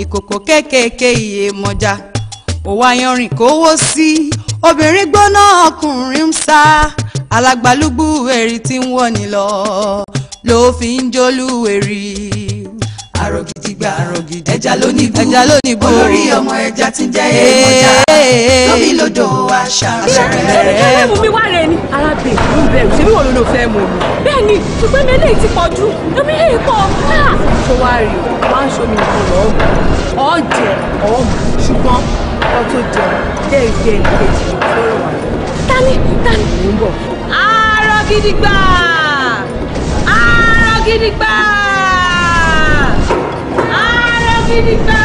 [SPEAKER 1] ìkòkò kéékèèké Ìyèmọ̀já òwò ayanrìn kówó sí obìnrin gbóná ọkùnrin ń sá alágbálúgbú èrì tí ń wọ̀ ní lọ ló fi ń jólú èrì. àrògìdìgbà àrògìdì ẹja ló níbú ẹja ló níbú olórí ọmọ ẹja tí ń jẹ́ èèmọ̀já lómi lodò àṣà rẹ̀. ṣé ẹ̀rẹ́ mú mi wá rẹ ni arábìnrin
[SPEAKER 2] ló ń bẹ̀rù ṣé mi wò ló ló fẹ́ mu mi. bẹ́ẹ̀ ni ṣùgbọ́n mi eléyìí ti pọ̀ jù lómi lè pọ̀ ṣọwárì wá ń ṣomi ìfọ̀rọ̀ ọ̀hún ọ̀jẹ̀ ọ̀hún ṣùgbọ́n
[SPEAKER 1] kọ́ tó jẹun jẹ́ ìgbé ìkejì lọ́rọ̀ wa. tani tani. mò ń bọ̀. àárọ̀ gidi gbà àárọ̀ gidi gbà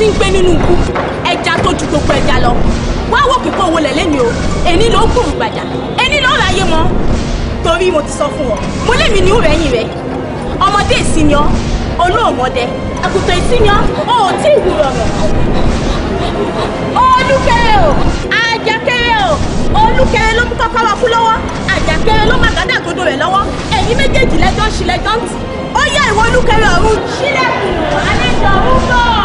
[SPEAKER 2] tí ń gbé nínú ikú ẹja tó ju gbogbo ẹja lọ wá wò kíkọ́ owó lẹ̀ lẹ́nu o èní ló ń gbòòrò gbàjà èní ló ń ráyé mọ́ torí mo ti sọ fún ọ mo lémi ní òrẹ́ yìn rẹ ọmọdé ìsinmi ọ olóòmọdé àkùtọ̀ ìsinmi ọ ò tí ì wúrọ̀ rẹ̀ olùkẹ́rẹ́ o àjàkẹ́rẹ́ o olùkẹ́rẹ́ ló mú kọ́kọ́rọ́ kú lọ́wọ́ àjàkẹ́rẹ́ ló má gàdá àtòdó rẹ̀ lọ́wọ́ ẹ̀yin méjèèjì lẹ́jọ́ ń ṣílẹ̀ jọ́ǹtì ó yá ìwọ olùkẹ́rẹ́ ọ̀run sílẹ̀kùn àlejò ọ̀run bọ̀.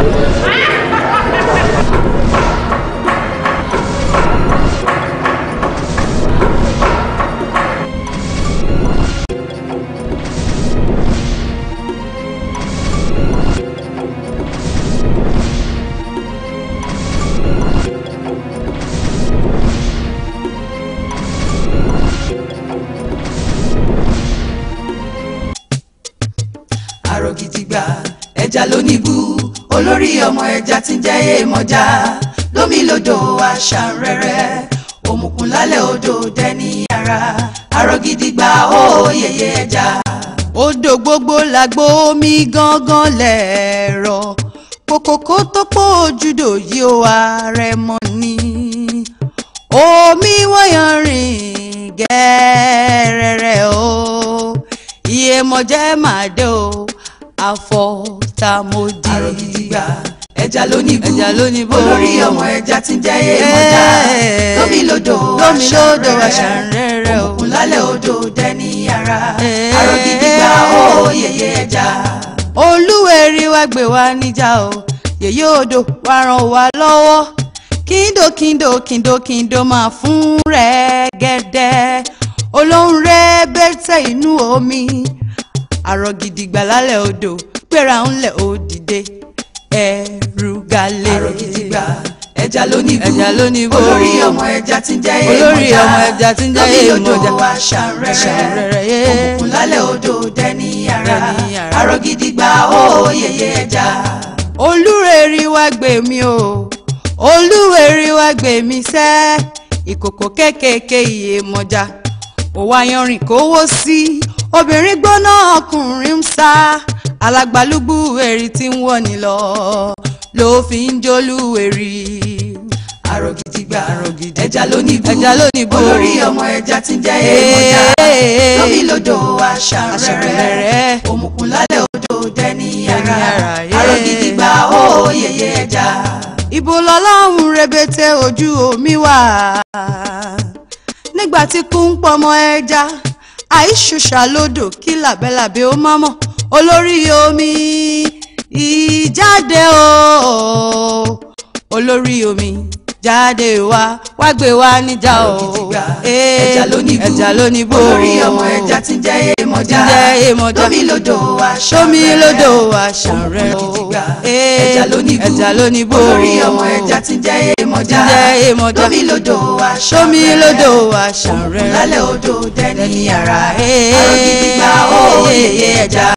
[SPEAKER 2] Thank you.
[SPEAKER 1] lọmọ ẹja tí ń jẹ́ èèmọ̀já lómi lodò àṣà rẹ̀rẹ̀ òmùkùn lálẹ́ odò dẹ́ni ara arọ́ gba ó yẹyẹ ẹja. odò gbogbo làgbo omi gangan lẹ̀rọ kòkòkò tó pọ̀ ojúdò yìí ó ààrẹ mọ́ ni omi wọ́yàn rìn gẹ́rẹ́rẹ́ o iye mọ̀jẹ́ màdé o àfọ̀tàmọ́dì. àrògidì gbà ẹja lónìí bú ẹja lónìí bú olórí ọmọ ẹja tí ń jẹ́ èèmọ̀já lómi lódò lómi lódò àṣàrẹ́rẹ́ o òkun lálẹ́ odò dẹ́ni ara arọ gidi gba ó yẹyẹ ẹja. olúwerí wá gbé wa níjà o yèyé odò wá ràn wá lọ́wọ́ kíndò kíndò kíndò kíndò máa fún rẹ̀ gẹ́dẹ́ olóhùn rẹ̀ bẹ́tẹ̀ inú omi àrọ̀ gidigba odò gbéra ńlẹ̀ ó dìde ẹ̀ gbalẹ̀. àròkìtìgbà ẹja ló ní bú ẹja ló ní bú olórí ọmọ ẹja tí ń jẹ́ èèmọ̀já olórí ọmọ ẹja tí ń jẹ́ èèmọ̀já lórí odò aṣàrẹ̀rẹ̀ òkùnkùn lálẹ́ odò dẹ́ni yàrá àròkìtìgbà ó yẹyẹ ẹja. olúrẹ̀rí wá gbè mí o olúwẹ̀rí wá gbè mí sẹ́ ìkòkò kékèké ìyèmọ̀já òwò ayanrìn kówó sí obìnrin gbóná ọkùnrin ń sá alágbálúgbú èrì tí ń wọ̀ ní lọ ló fi ń jólúwèrè àrògìdìgbà ẹja lónìbó ẹja lónìbó olórí ọmọ ẹja tí ń jẹ èèmọjà lómi lodò àṣà rẹrẹ òmùkùn lálẹ́ odò dẹni ara àrògìdìgbà ó yẹyẹ ẹja. ibo lọ́lọ́run rebete ojú omi wà nígbà tí kú ń pọmọ ẹja àìṣùṣà lodò kí làbẹ́làbẹ́ ó má olórí omi ìjáde o olórí omi jáde wá wá gbé wá níjà o ẹja lónìbó ẹja lónìbó olórí ọmọ ẹja tí ń jẹ èèmọjà jẹ èèmọjà tómi lódò wá sómi lódò wá ṣàrẹ o ẹja lónìbó ẹja lónìbó olórí ọmọ ẹja tí ń jẹ èèmọjà jẹ èèmọjà tómi lódò wá sómi lódò wá ṣàrẹ o lálẹ́ odò dẹni ara àrògidì gbà ó yeye ẹja.